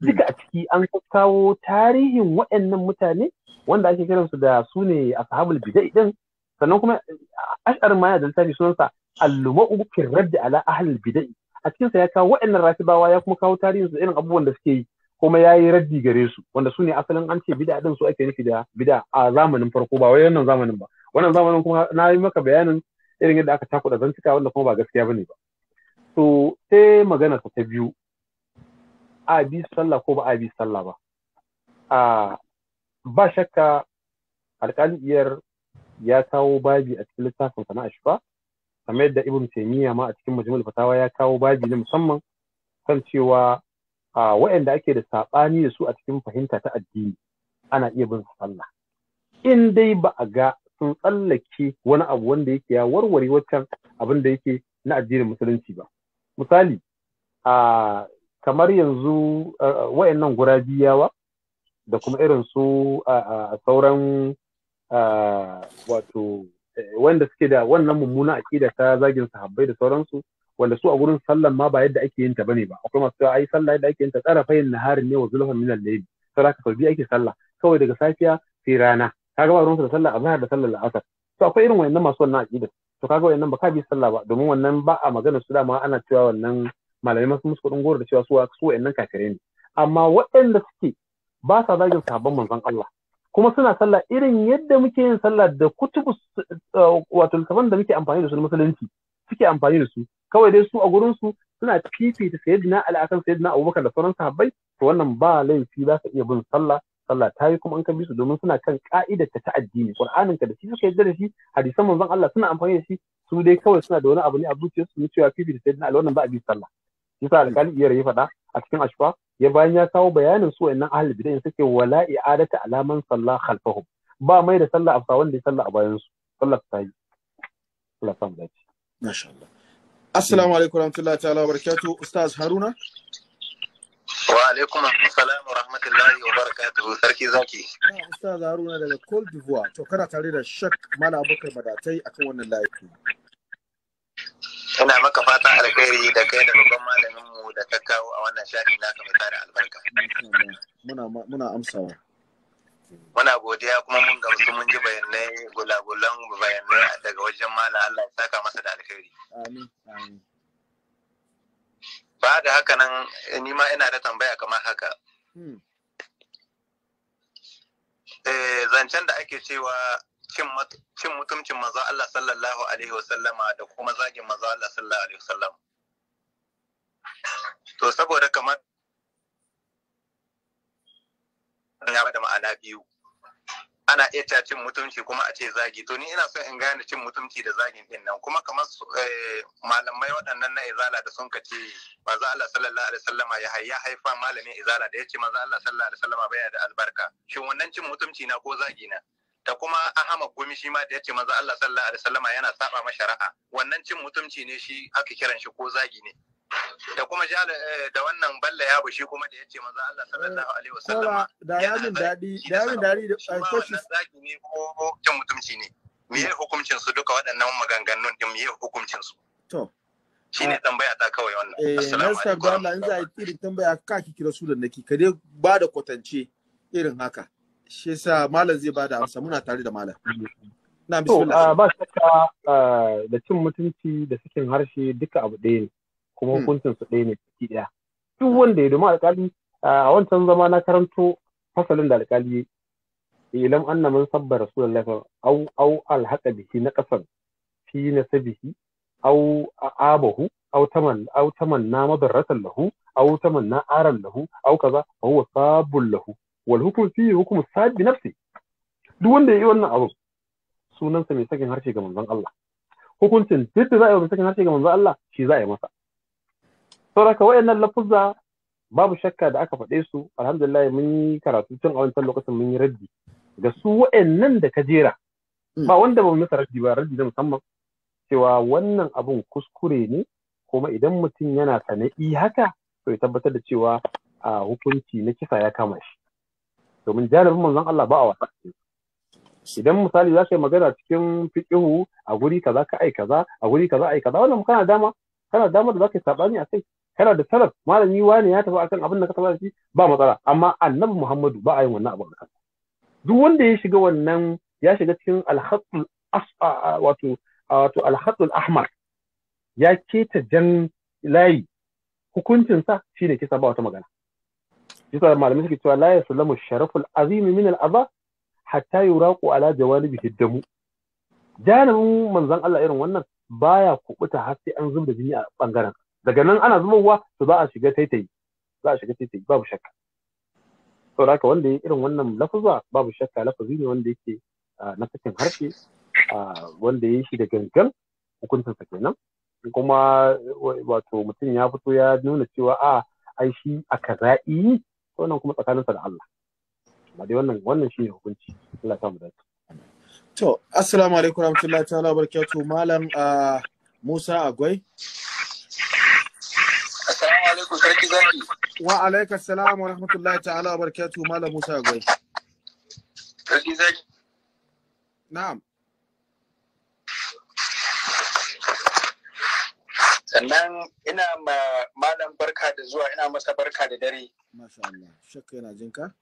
duka a ciki an kawo tarihin waɗannan mutane wanda ake kiransu da su ne ashabul bidai din sannan kuma ash'ar ma yana da littafi sunansa al-lumau fi radd ala ahlul bidai a cikin sa ya kawo waɗannan rasibawa ya kuma kawo tarihin su irin abubuwan da suke yi kuma ya yi raddi gare su wanda su ne asalin an ce bid'a din su ake nufi da bid'a a zamanin farko ba wai wannan zamanin ba wannan zamanin kuma na yi maka bayanin irin yadda aka takura zantuka wanda kuma ba gaskiya bane ba to sai magana ta biyu a bi sallah ko ba a bi sallah ba a ba shakka alƙalin ya kawo babi a cikin littafin sana shifa kamar yadda ibn taimiyya ma a cikin majmu'ul fatawa ya kawo babi na musamman kan cewa a waɗanda ake da saɓani da su a cikin fahimta ta addini ana iya bin sallah in dai ba a ga sun tsallake wani abu wanda yake ya warware waccan abin da yake na addinin musulunci ba misali a kamar yanzu wa'annan gurabiyawa da kuma irin su a sauran wato e, wanda suke da wannan mummuna ƙida ta zagin sahabbai da sauransu wanda su a gurin sallan ma ba yadda ake yin ta bane ba akwai masu cewa ai sallah yadda ake yin ta tsara fayin naharin ne wa zulhun min al-layl saboda sau biyu ake sallah kawai daga safiya sai rana kaga ba ruwansu da sallah a zahar da sallar la'asar to akwai irin wayannan masu wannan aqida to kaga wannan ba ka bi sallah ba domin wannan ba a magana su dama ana cewa wannan malamai masu musu kudin goro da cewa su su wayannan kafirai ne amma waɗanda suke ba sa zagin sabon manzon Allah kuma suna sallah irin yadda muke yin sallah da kutubu uh, wato littafan da muke amfani da su na musulunci suke amfani da su kawai dai su a gurin su suna fifita sayyidina ali akan sayyidina abubakar da sauran sahabbai to wannan ba laifi ba sa iya bin sallah sallah ta yi kuma an kan bi su domin suna kan ka'idar ta addini qur'anin ka da shi suka yarda da shi hadisan manzon Allah suna amfani da shi su dai kawai suna da wani abu ne a zuciyar su cewa fifi da sayyidina Ali wannan ba a bi sallah yasa alƙali iyar ya faɗa a cikin ashfa ya bayan ya kawo bayanin su wayannan ahli bid'ah suke wala adata alaman sallah khalfahum ba mai da sallah afsa wanda ya sallah a bayan su sallah ta yi Allah samu dace masha Allah assalamu alaikum warahmatullahi ta'ala wabarakatuh ustaz haruna Wa alaikum assalam wa rahmatullahi wa barakatuhu sarki zaki. Ustaz zaruna daga Cote d'Ivoire to kana tare da Shak Mala Abubakar Madatai akan wannan laifi. Ina maka fata alheri da kai da babban malamin mu da ka kawo a wannan shafi naka mai tare albarka. Muna muna amsawa. Muna godiya kuma mun gamsu mun ji bayanai gulagulan bayanai daga wajen malam Allah ya saka masa da alheri. Amin amin. ba da haka nan eh, ni ma ina da tambaya kamar haka hmm. eh, zancen da ake cewa cin mutumcin manzo Allah sallallahu alaihi wasallama da kuma zagin manzo Allah sallallahu alaihi wasallam to saboda kamar ya da ma'ana biyu ana iya ta cin mutunci kuma a ce zagi to ni ina son in gane cin mutunci da zagin din nan kuma kamar eh, malamai waɗannan na izala da sun kace manzo Allah sallallahu alaihi wasallama ya hayya haifa malamin izala da yace manzo Allah sallallahu alaihi wasallama baya da albarka shin wannan cin mutunci na ko zagi na da kuma Ahmad Gumi shi ma da yace manzo Allah sallallahu alaihi wasallama yana saba ma shari'a wannan cin mutunci ne shi aka kiran shi ko zagi ne da kuma eh, da wannan balla ya bushi kuma da yace maza Allah sallallahu alaihi wasallam da ya min dadi da ya min dadi da koshi zaki ne ko cin mutumci ne meye hukuncin su duka waɗannan maganganun din meye hukuncin su to shine ah. tambaya ta kawai wannan eh, assalamu alaikum da Allah in za a irin tambaya ka ki kira su da naki ka dai ba da kwatance irin haka shi yasa malam zai bada amsa muna tare da malam na bismillah ah, ba shakka ah, da cin mutunci da cikin harshe duka abu ɗaya ne kuma hmm. hukuncin su ɗaya ne baki ɗaya duk hmm. wanda ya domin alƙali a wancan zama na karanto fasalin da alƙali ya ilam anna mun sabba rasulullahi au au alhaka bihi na ƙasan fi sabihi au abahu au taman au na madarratan lahu au na aran lahu au kaza fa huwa sabul lahu wal hukmu fi hukmu sabi nafsi duk wanda ya yi wannan abu sunansa mai sakin harshe ga manzon Allah hukuncin duk da za a yi mai sakin harshe ga manzon Allah shi za a yi masa saboda wayannan lafuzza babu shakka da aka faɗe su alhamdulillah mun yi karatu tun a wancan lokacin mun yi raddi ga su wayannan da ka jera mm. ba wanda ba masa raddi ba raddi na musamman cewa wannan abun kuskure ne kuma idan mutum yana sana'i haka to ya tabbatar da cewa a hukunci na kisa ya kama shi domin jalibin manzon Allah ba a wasa idan misali za ka yi magana cikin fiqihu a guri kaza ka aika kaza a guri kaza aika kaza wannan kana dama kana dama da za ka yi sabani a kai kana da salaf malami wani ya tafi akan abin da ka tafi shi ba matsala amma annabi Muhammadu ba a yin wannan abin akan duk wanda ya shiga wannan ya shiga cikin alhatul wato wato alhatul ahmar ya keta jan layi hukuncinsa shine kisa ba wata magana yasa malamai suke cewa la yasulamu sharaful azimi min al'aza hatta yuraqu ala jawanibihi damu janibin manzon Allah irin wannan baya kubuta har sai an zubda jini a bangaren daga nan ana zubowa to za a shiga taitayi za a shiga taitayi babu shakka saboda haka wanda ya irin wannan lafazwa babu shakka lafazi ne wanda yake ah, na cikin harshe ah, wanda ya yi shi da gangan sa kenan kuma wato mutum ya fito ya nuna cewa a ai shi a kaza'i wannan kuma tsakaninsa da Allah ba dai wannan wannan shine hukunci Allah ta mu to assalamu alaikum warahmatullahi ta'ala malam ah, Musa Agwai alaikum sarki zaki. Wa alaikum salam wa rahmatullahi ta'ala wa barakatuhu Malam Musa Gwai. Sarki zaki. Na'am. Sannan ina ma malam barka da zuwa ina masa barka da dare. Masha Allah, shakka yana jinka?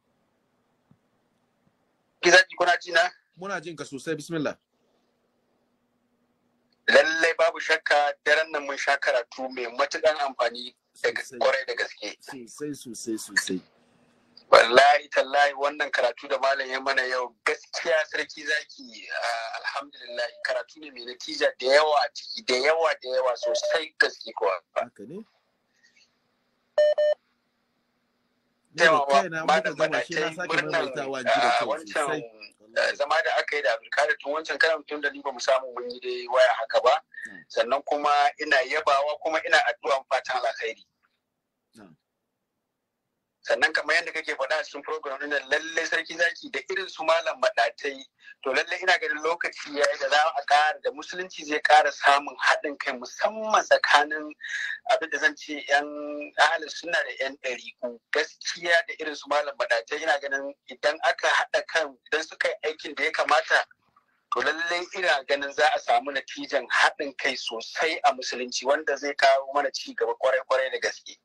Ki zaki kuna jina? Muna jinka sosai bismillah. lallai babu shakka daren nan mun sha karatu mai matukan amfani kwarai da gaske sosai sosai sosai wallahi tallahi wannan karatu da malam ya mana yau gaskiya sarki zaki alhamdulillah karatu ne mai natija da yawa ciki da yawa da yawa sosai gaske kuwa haka ne da kaina muka shi na sake maimaitawa sosai zama da aka yi da da tun wancan kana tun da ni ba mu samu mun yi dai waya haka ba hmm. sannan kuma ina yabawa kuma ina addu'an fatan alkhairi hmm. sannan kamar yadda kake faɗa a cikin program ɗin lallai sarki zaki da irin su malam maɗatai to lallai ina ganin lokaci ya yi da za a ƙara da musulunci zai ƙara samun haɗin kai musamman tsakanin abin da zan ce yan ahalin suna da yan ɗariku gaskiya da irin su malam maɗatai ina ganin idan aka haɗa kan idan suka yi aikin da ya kamata to lallai ina ganin za a samu natijan haɗin kai sosai a musulunci wanda zai kawo mana ci gaba kwarai-kwarai da gaske.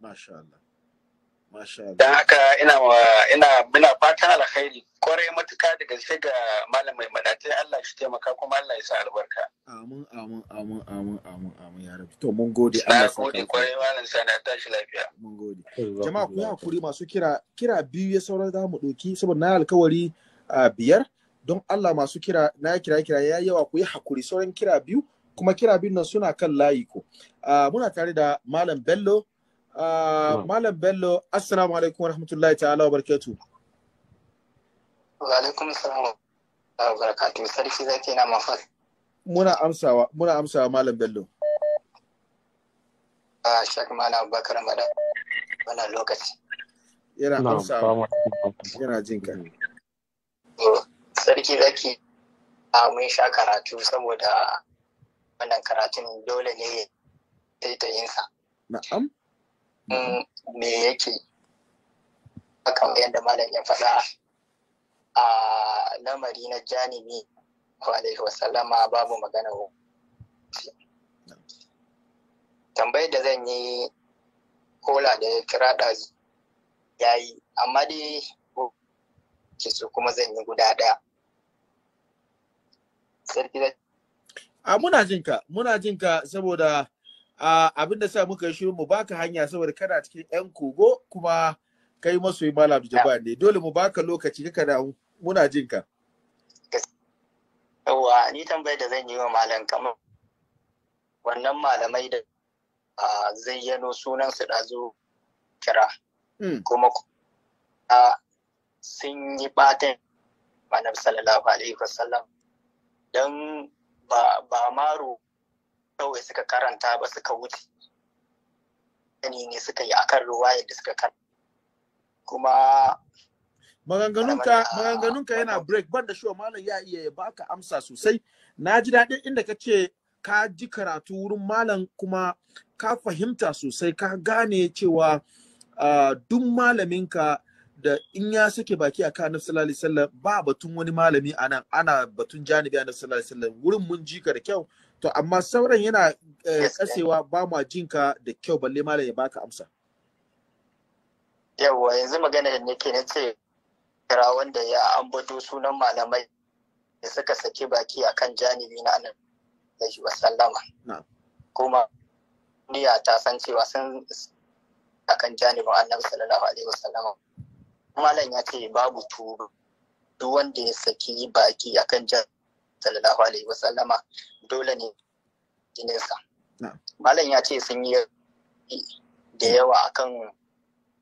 Masha Allah. Masha Allah. Don haka ina ina muna fatan alkhairi kwarai matuka da gaske ga malam mai madatai Allah shi taimaka kuma Allah ya sa albarka. Amin amin amin amin amin amin ya rabu. To mun gode Allah ya saka. Gode kwarai malam sana tashi lafiya. Mun gode. Jama'a ku yi hakuri masu kira kira biyu ya sauran za mu doki saboda na alkawari biyar don Allah masu kira na kira kira ya yawa ku yi hakuri sauran kira biyu kuma kira biyun nan suna kan layi ko. Muna tare da Malam Bello Uh, Malam Bello, Assalamu alaikum wa rahmatullahi ta'ala wa barakatu. Wa alaikum salamu wa barakatu. Sarki zaki na mafas. Muna amsawa, muna amsawa Malam Bello. A ah, shak Malam Abubakar Mada wani lokaci. Yana amsawa. Yana jin ka. Sarki zaki a ah, mun sha karatu saboda wannan karatun dole ne ya yi ta yinsa. Na'am. Mm, me yake a kamar yadda malam ya faɗa a lamari na janimi janibi alaihi wasallama babu magana ko tambayi da zan yi kola da ya kira ɗazu ya yi amma dai ke so kuma zan yi guda ɗaya sarki a muna jinka muna jinka saboda Uh, abin da sa muka yi shiru mu baka hanya saboda kana cikin 'yan kogo kuma kai yi malam jaba ne dole mu baka lokaci kaka da muna jin ka yawa ni tambayi da zan yi wa malam kamar wannan malamai da zayyano sunan su zo kira hmm. kuma sun yi batin manar sallallahu alaihi wasallam don ba ma kawai suka karanta ba suka wuce sani ne suka yi akan ruwa yadda suka karanta kuma maganganunka maganganunka yana break banda shi malam ya iya ya baka amsa sosai na ji daɗin inda ka ce ka ji karatu wurin malam kuma ka fahimta sosai ka gane cewa uh, duk malaminka da in ya sake baki a kan sallallahu alaihi ba batun wani malami anan ana batun janibi a sallallahu alaihi wurin mun ji ka da kyau to amma sauran yana eh, kasewa ba ma jinka da kyau balle malam ya baka amsa yawwa yanzu magana da ke na ce kira wanda ya ambato sunan malamai da suka saki baki akan janibi na wa sallama kuma niyya ta san cewa sun akan janibin annabi sallallahu alaihi wasallama malam ya ce babu turu duk wanda ya saki baki akan janibin sallallahu alaihi wasallama dole ne jinesa malam ya ce sun yi da yawa akan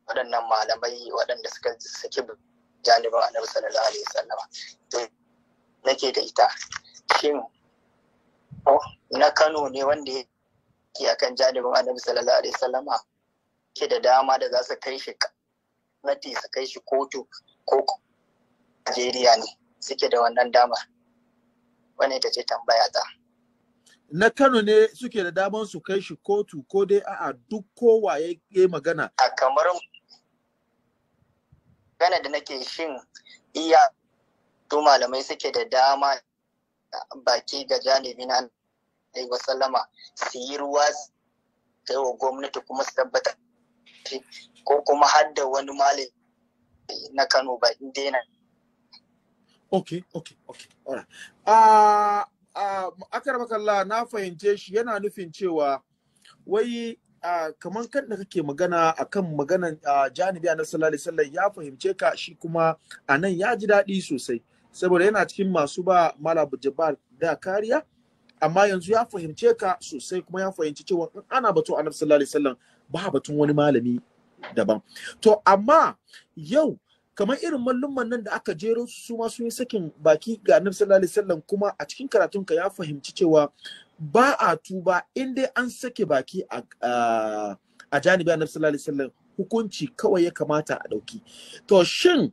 waɗannan malamai waɗanda suka saki janibin nan sallallahu alaihi wasallam to nake da ita shin na Kano ne wanda ke akan janibin da sallallahu alaihi wasallam ke da dama da za su kai shi nati su kai shi kotu ko Najeriya ne suke da wannan dama wannan ita ce tambaya ta na Kano ne suke da damar su kai shi kotu ko dai a'a duk kowa ya yi magana. A kamar magana da nake shin iya to malamai suke da dama baki ga janibi na wa sallama su yi ruwa su wa gwamnati kuma su tabbata ko kuma hadda wani malami na Kano ba inda yana. Okay, okay, okay, all right. Uh... Akar makalla na fahimce shi yana nufin cewa wai uh, kamar kan da kake magana akan maganan uh, janibi na sallallahu sallam ya fahimce ka shi kuma a nan ya ji daɗi sosai saboda yana cikin masu ba mala jabbar da kariya amma yanzu ya fahimce ka sosai kuma ya fahimci cewa in ana batun annabi sallallahu alaihi wasallam ba batun wani malami daban to amma yau kamar irin mallumman nan da aka jero su ma sun yi sakin baki ga annabi sallallahu alaihi wasallam kuma a cikin karatun ka ya fahimci cewa ba a tuba in dai an sake baki a a janibi annabi sallallahu alaihi wasallam hukunci kawai ya kamata a dauki to shin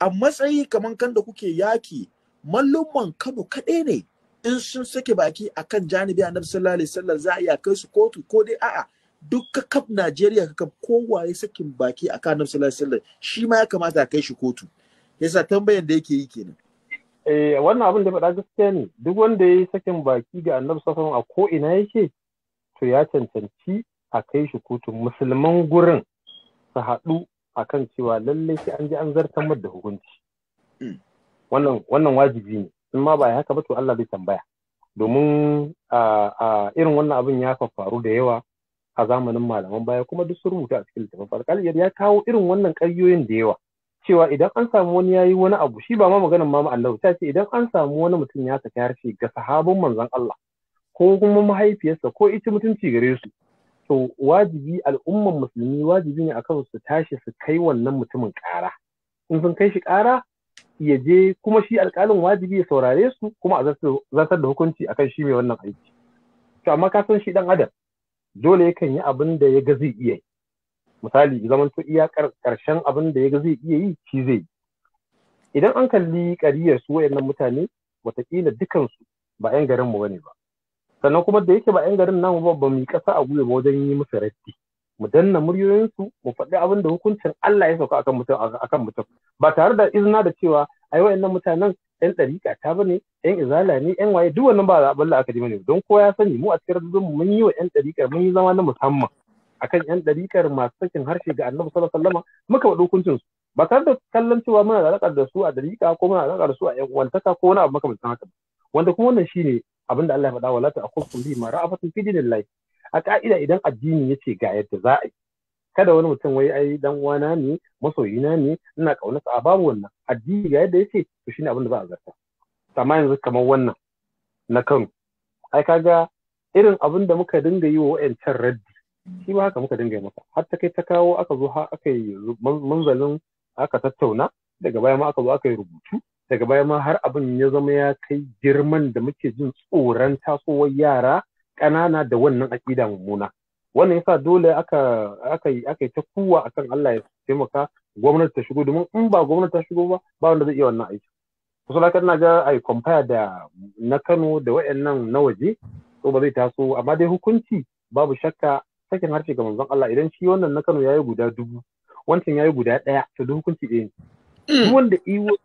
a matsayi kamar kan da kuke yaki mallumman Kano kaɗai ne in sun sake baki akan janibi annabi sallallahu alaihi wasallam za a iya kai su kotu ko dai a'a duk kaf Najeriya ka kaf kowaye sakin baki a kan Annabi sallallahu alaihi shi ma ya kamata a kai shi kotu yasa tambayan da yake yi kenan eh wannan abin da faɗa gaskiya ne duk wanda ya yi sakin baki ga Annabi sallallahu alaihi wasallam a ko ina yake to ya cancanci a kai shi kotu musulman gurin su haɗu akan cewa lallai sai an ji an zartar da hukunci hmm. wannan wannan wajibi ne in ma ba haka ba to Allah zai tambaya domin irin wannan abin ya faru da yawa a zamanin malaman baya kuma duk sun rubuta a cikin littafin alƙaliyar ya kawo irin wannan ƙaryoyin da yawa cewa idan an samu wani yayi wani abu shi ba ma maganan ma Allah ta ce idan an samu wani mutum ya saka harshe ga sahabin manzon Allah ko kuma mahaifiyarsa ko ita mutunci gare su to wajibi al'umman musulmi wajibi ne akan su tashi su kai wannan mutumin ƙara in sun kai shi ƙara ya je kuma shi alƙalin wajibi ya saurare su kuma a zartar da hukunci akan shi mai wannan aiki to amma ka san shi dan adam dole yakan yi abin da ya ga zai iya yi misali zaman to iya karshen abin da ya ga zai iya yi shi zai yi idan an kalli kariyar su wayannan mutane watakila dukansu ba 'yan garin mu bane ba sannan kuma da yake ba 'yan garin namu ba ba mu yi ƙasa a gwiwa ba wajen yi musu rafi, mu danna muryoyinsu mu faɗi abin da hukuncin Allah ya sauka akan mutum akan mutum ba tare da izina da cewa ai wayannan mutanen yan ɗariƙa ta bane yan izala ne yan waye duk wannan ba zaɓen la'akari ba. don kowa ya sani mu a cikin rajin mun yi wa yan ɗariƙa mun yi zama na musamman akan yan ɗariƙar masu sakin harshe ga annabi sallallahu alaihi wasallam muka faɗi hukuncin su ba tare da kallon cewa muna da alaƙar da su a ɗariƙa ko muna da alaƙar da su a yan uwantaka ko wani abu makamancin haka wanda kuma wannan shine abin da Allah ya faɗa wala ta'khudhukum bi ma ra'afatun fi a ka'ida idan addini yace ga yadda za a yi kada wani mutum wai ai dan uwana ne masoyina ne ina kaunarsa a babu wannan addini ga yadda yake to shine abin da za a zarta amma yanzu kamar wannan na Kano ai kaga irin abin da muka dinga yi wa wa'ancan raddi shi ba haka muka dinga yi maka har ta kai ta kawo aka zo ha aka yi manzalin aka tattauna daga baya ma aka zo aka yi rubutu daga baya ma har abin ya zama ya kai girman da muke jin tsoron tasowar yara ƙanana da wannan aƙida mummuna wannan yasa dole aka aka yi ta kuwa akan Allah ya taimaka gwamnati ta shigo domin in ba gwamnati ta shigo ba ba wanda zai iya wannan aiki kusa lakar na ga ai compare da na Kano da wayannan na waje to ba zai taso amma dai hukunci babu shakka sakin harshe ga manzon Allah idan shi wannan na Kano yayi guda dubu wancan yayi guda ɗaya to duk hukunci ɗaya ne duk wanda iwo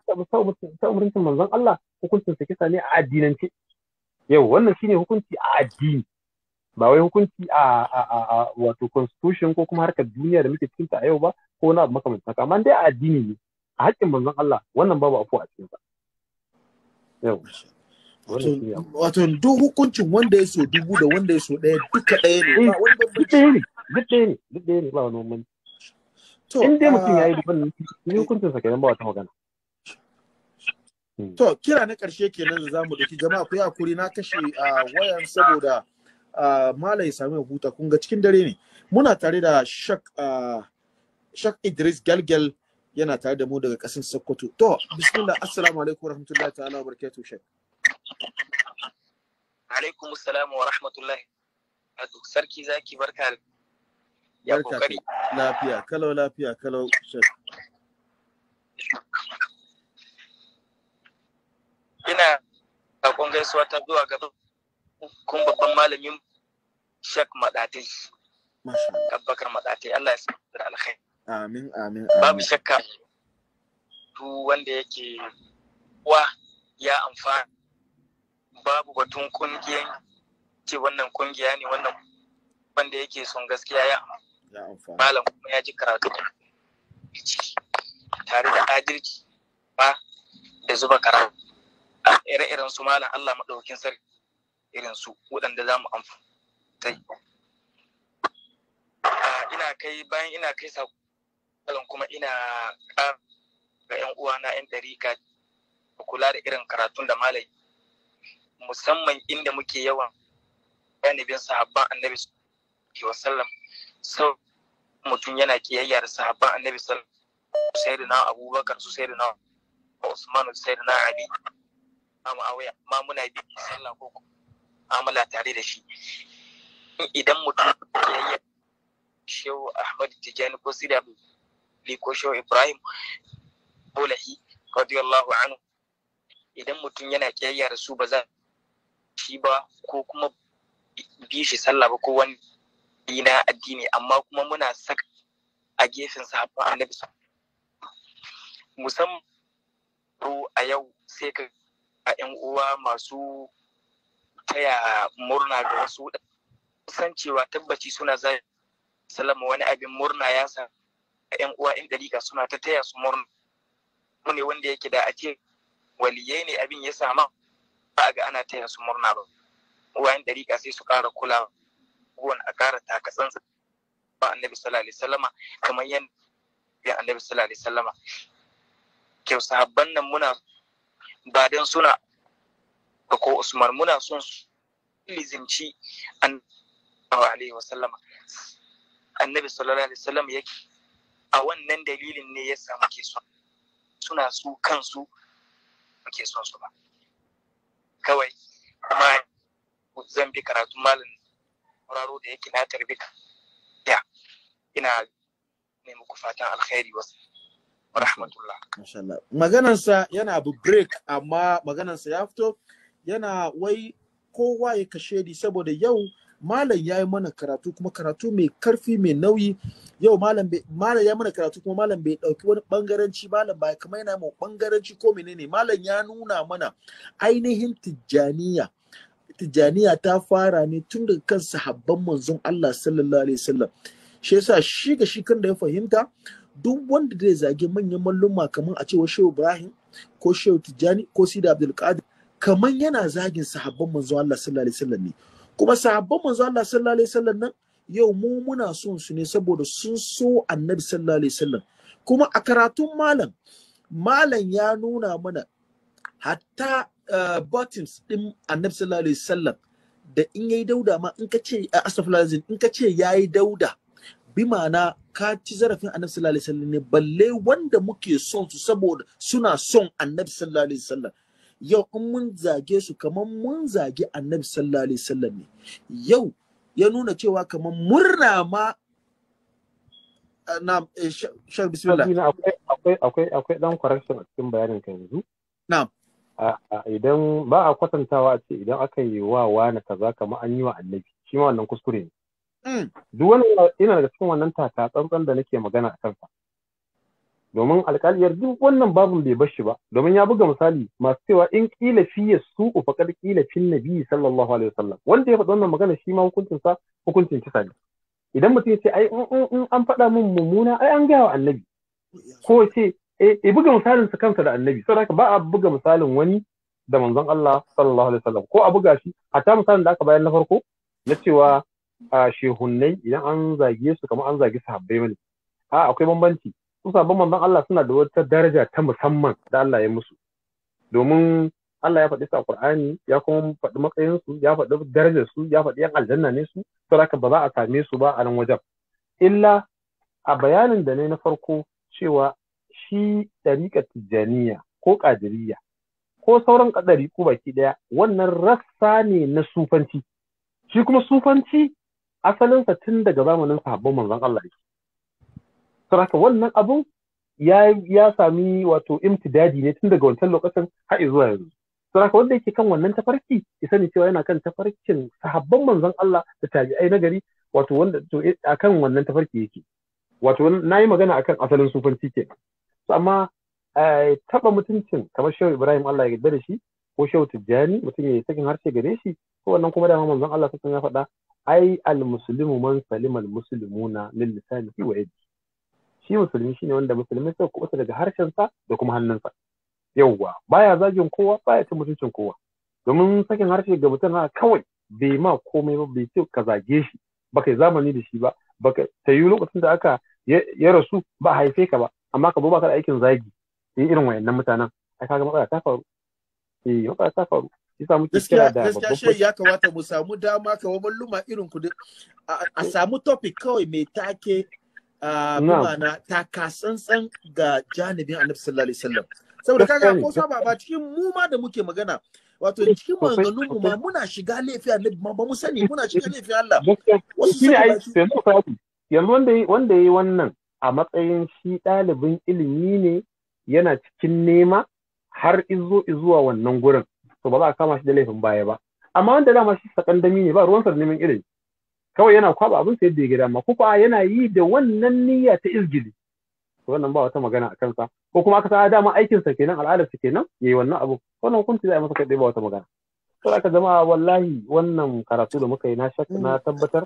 ta umurcin manzon Allah hukuncin sa kisa ne a addinance yau wannan shine hukunci a addini ba wai hukunci a wato constitution ko kuma harkar duniya da muke cikinta a yau ba ko wani abu makamancin haka amma dai a addini ne a haƙƙin manzon Allah wannan babu afu a cikin sa wato duk hukuncin wanda ya so dubu da wanda ya so ɗaya duka ɗaya ne ba wani bambanci eh, duk ɗaya ne duk ɗaya ne ba wani bambanci in dai mutum ya yi ah, dubin ne hukuncin sa kenan ba wata magana hmm. to kira na ƙarshe kenan da zamu ɗauki jama'a ku yi hakuri na kashe ah, wayan saboda ah, malam ya sami huta kun ga cikin dare ne muna tare da shak Shak Idris Galgal yana tare da mu daga ƙasar Sokoto. To, bismillah, assalamu alaikum warahmatullahi ta'ala wa barakatuh Shak. Alaikum assalam wa rahmatullahi. Sarki zaki barka ya kokari. Lafiya, kalau lafiya, kalau Shak. Ina sakon gaisuwa ta zuwa gaba kun babban malamin Shek Madatai. Abubakar Madatai, Allah ya sa da alkhairi. Amin, amin, amin. Babu shakka duk wanda yake wa ya amfana babu batun kungiyan ce wannan kungiya ne wannan wanda yake son gaskiya ya malam kuma ya ji karatu tare da adalci ba da zuba karatu a ire-iren su malam Allah maɗaukin sarki irin su waɗanda za mu amfani ah, ina kai bayan ina kai sako malam kuma ina ga yan uwana yan dariƙa kula da irin karatun da malai musamman inda muke yawan janibin sahabban annabi wa sallam sau mutum yana kiyayya da sahabban annabi sallam sai da na abubakar su sai da na usman sai da na ali ma muna bi sallah ko amala tare da shi idan mutum kiyayya shehu ahmad tijani ko sida Likosho Ibrahim Bolahi radiyallahu anhu idan mutum yana kiyayya da su ba za shi ba ko kuma bi shi sallah ba ko wani dina addini amma kuma muna saka a gefen sahabban annabi musamman a yau sai ka a yan uwa masu taya murna ga wasu san cewa tabbaci suna zai salama wani abin murna ya sa yan uwa yan dalika suna ta taya su murna ne wanda yake da ake waliyai ne abin ya sama ba ga ana taya su murna ba uwa yan dalika sai su ƙara kula abubuwan a ƙara takatsansa ba annabi sallallahu alaihi wasallama kamar yadda annabi sallallahu alaihi wasallama kyau sahabban nan muna ba dan suna ko usmar muna son su lizimci annabi sallallahu alaihi wasallama annabi sallallahu alaihi wasallam yake a wannan dalilin ne ya samu ke son suna su kansu ke son su ba kawai kuma zan bi karatun malin sauraro da yake na tarbi ya ina ne muku fatan alkhairi wasu rahmatullah maganansa yana abu break amma maganansa ya fito yana wai kowa ya kashe saboda yau malam ya yi mana karatu kuma karatu mai karfi mai nauyi yau malam malam ya mana karatu kuma malam bai dauki wani bangaranci malam ba kamar yana mu bangaranci ko menene malam ya nuna mana ainihin tijjaniya tijjaniya ta fara ne tun daga kan sahabban manzon Allah sallallahu alaihi wasallam shi yasa shi ga shi kan da ya fahimta duk wanda zai zage manyan malluma kamar a cewa Shehu Ibrahim ko Shehu Tijjani ko Sida Abdul Qadir kamar yana zagin sahabban manzon Allah sallallahu alaihi wasallam ne kuma sahabban manzon Allah sallallahu alaihi wasallam nan yau mu muna son su ne saboda sun so annabi sallallahu alaihi wasallam kuma a karatun malam malam ya nuna mana hatta eh, buttons din annabi sallallahu alaihi wasallam da in yayi dauda ma in ka ce eh, astaghfirullah in ka ce yayi dauda bi ma'ana ka ci zarafin annabi sallallahu alaihi wasallam ne balle wanda muke son su saboda suna son annabi sallallahu alaihi wasallam yau in mun zage su kamar mun zage annabi sallallahu alaihi wasallam ne yau ya nuna cewa kamar murna ma na eh, shan bismillah akwai akwai akwai dan correction a cikin bayanin ka yanzu na'am idan ba a kwatantawa a ce idan aka yi wa wani kaza kamar an yi wa annabi shi ma wannan kuskure ne mm. duk wani ina daga cikin wannan taka tsantsan da nake magana a kansa domin alkaliyar duk wannan babin bai bar shi ba domin ya buga misali masu cewa in kila fiye su ku faƙar kila fin nabi sallallahu alaihi wasallam wanda ya faɗi wannan magana shi ma hukuncin sa hukuncin kisa ne idan mutum ya ce ai in an faɗa min mummuna ai an gaya wa annabi ko ce e buga misalin sa kansa da annabi saboda ba a buga misalin wani da manzon Allah sallallahu alaihi wasallam ko a buga shi hatta misalin da aka bayar na farko na cewa a ah, shehunnai idan an zage su kamar an zage sahabbai ne. a akwai bambanci su sabon manzon Allah suna da wata daraja ta musamman da Allah ya musu domin Allah ya faɗi su a Kur'ani, ya kuma faɗi matsayin su ya faɗi darajar su ya faɗi yan aljanna ne su saboda ba za a same su ba a nan wajen illa a bayanin da ne na farko cewa shi ɗariƙa tijjaniya ko ƙadiriya ko sauran ƙadari ko baki ɗaya wannan rassa ne na sufanci shi kuma sufanci asalinsa tun daga zamanin sabon manzan Allah yake Saraka wannan abun ya sami wato imtidadi ne tun daga wancan lokacin har zuwa yanzu. Saraka wanda yake kan wannan tafarki ya sani cewa yana kan tafarkin sahabban manzon Allah da tabi'ai na gari wato wanda to eh, akan wannan tafarki yake. Wato na yi magana akan asalin sufanci kenan. amma eh, taɓa mutuncin kamar Shehu Ibrahim Allah ya yarda da shi ko Shehu Tijjani mutum ya yi sakin harshe gare shi ko wannan kuma dama manzon Allah sun ya faɗa ai al-muslimu man salima al-muslimuna min lisani wa yadihi shi musulmi shi ne wanda musulmi ku kubuta daga harshensa da kuma hannunsa yauwa baya zagin kowa baya cin mutuncin kowa domin sakin harshe ga mutum kawai bai ma komai ba bai ce ka zage shi baka yi zamani da shi ba baka tayi lokacin da aka ya rasu ba haife ka ba amma ka ba ka da aikin zagi sai irin wayannan mutanen ai kaga matsala ta faru eh matsala ta faru yasa muke kira da gaskiya shi ya kamata mu samu dama ka wa malluma irin ku a samu topic kawai mai take bimana ta kasantsan ga janibin annabi sallallahu alaihi wasallam saboda kaga ko saba ba cikin mu ma da muke magana wato cikin maganganun mu ma muna shiga laifi annabi ma ba mu sani muna shiga laifi Allah wasu ne ai yanzu wanda wanda yayi wannan a matsayin shi ɗalibin ilimi ne yana cikin nema har izo zuwa wannan gurin to ba za a kama shi da laifin baya ba amma wanda dama shi sakandami ne ba ruwansa neman ilimi kawai yana kwaba abin sa yadda ya gida ma ko kuwa yana yi da wannan niyya ta izgili wannan ba wata magana a kansa ko kuma aka sa ah, dama aikin sa kenan al'adar sa kenan yayi wannan abu wannan hukunci za a masa kai ba wata magana to aka zama wallahi wannan karatu da muka yi na shakka na tabbatar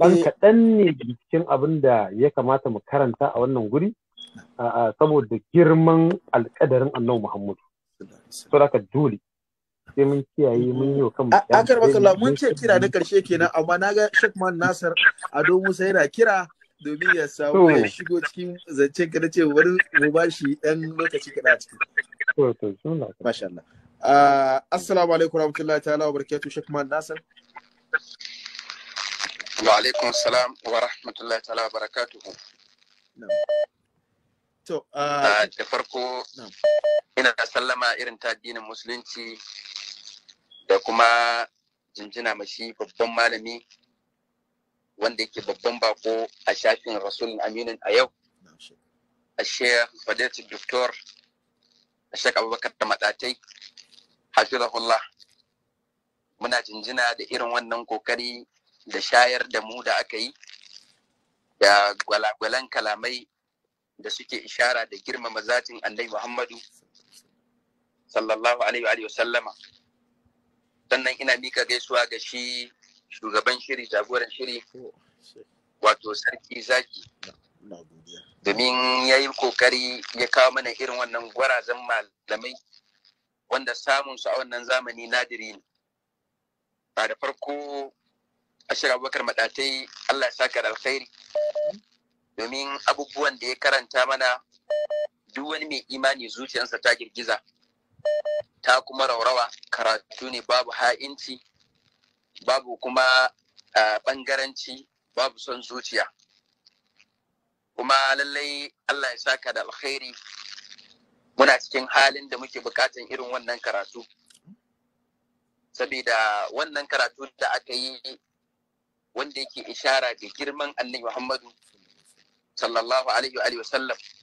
dan eh. kaɗan ne cikin abin da ya kamata mu karanta a wannan guri saboda girman alƙadarin annabi muhammadu. to aka dole sai mun kiyaye mun yi kan a bakalla mun ce kira na karshe kenan amma na ga Shekman Nasir Ado Musa yana kira domin ya samu ya shigo cikin zance ka na ce wani mu ba shi ɗan lokaci kaɗa ciki. Masha Allah. Assalamu alaikum rahmatullahi ta'ala wa barakatuh Shekman Nasir. Wa alaikum salam wa rahmatullahi ta'ala wa barakatuh. To, ah, da farko ina sallama irin ta addinin musulunci da kuma jinjina mashi babban malami wanda yake babban bako a shafin rasulun aminin a yau a shekh fadilci doktor a shekh abubakar da matatai hafizahullah muna jinjina da irin wannan kokari da shayar da mu da aka yi da gwalagwalan kalamai da suke ishara da girmama zatin annabi muhammadu sallallahu alaihi wa sallama sannan ina mika gaisuwa ga shi shugaban shiri jagoran shiri wato sarki zaki domin ya yi kokari ya kawo mana irin wannan gwarazan malamai wanda samun su a wannan zamani nadiri ne ba da farko ashir abubakar matatai allah saka da alkhairi domin abubuwan da ya karanta mana duk wani mai imani zuciyarsa ta girgiza ta kuma raurawa karatu ne babu ha'inci babu kuma bangaranci babu son zuciya kuma lallai Allah ya saka da alkhairi muna cikin halin da muke bukatan irin wannan karatu saboda wannan karatu da aka yi wanda yake ishara ga girman annabi Muhammadu sallallahu alaihi wa sallam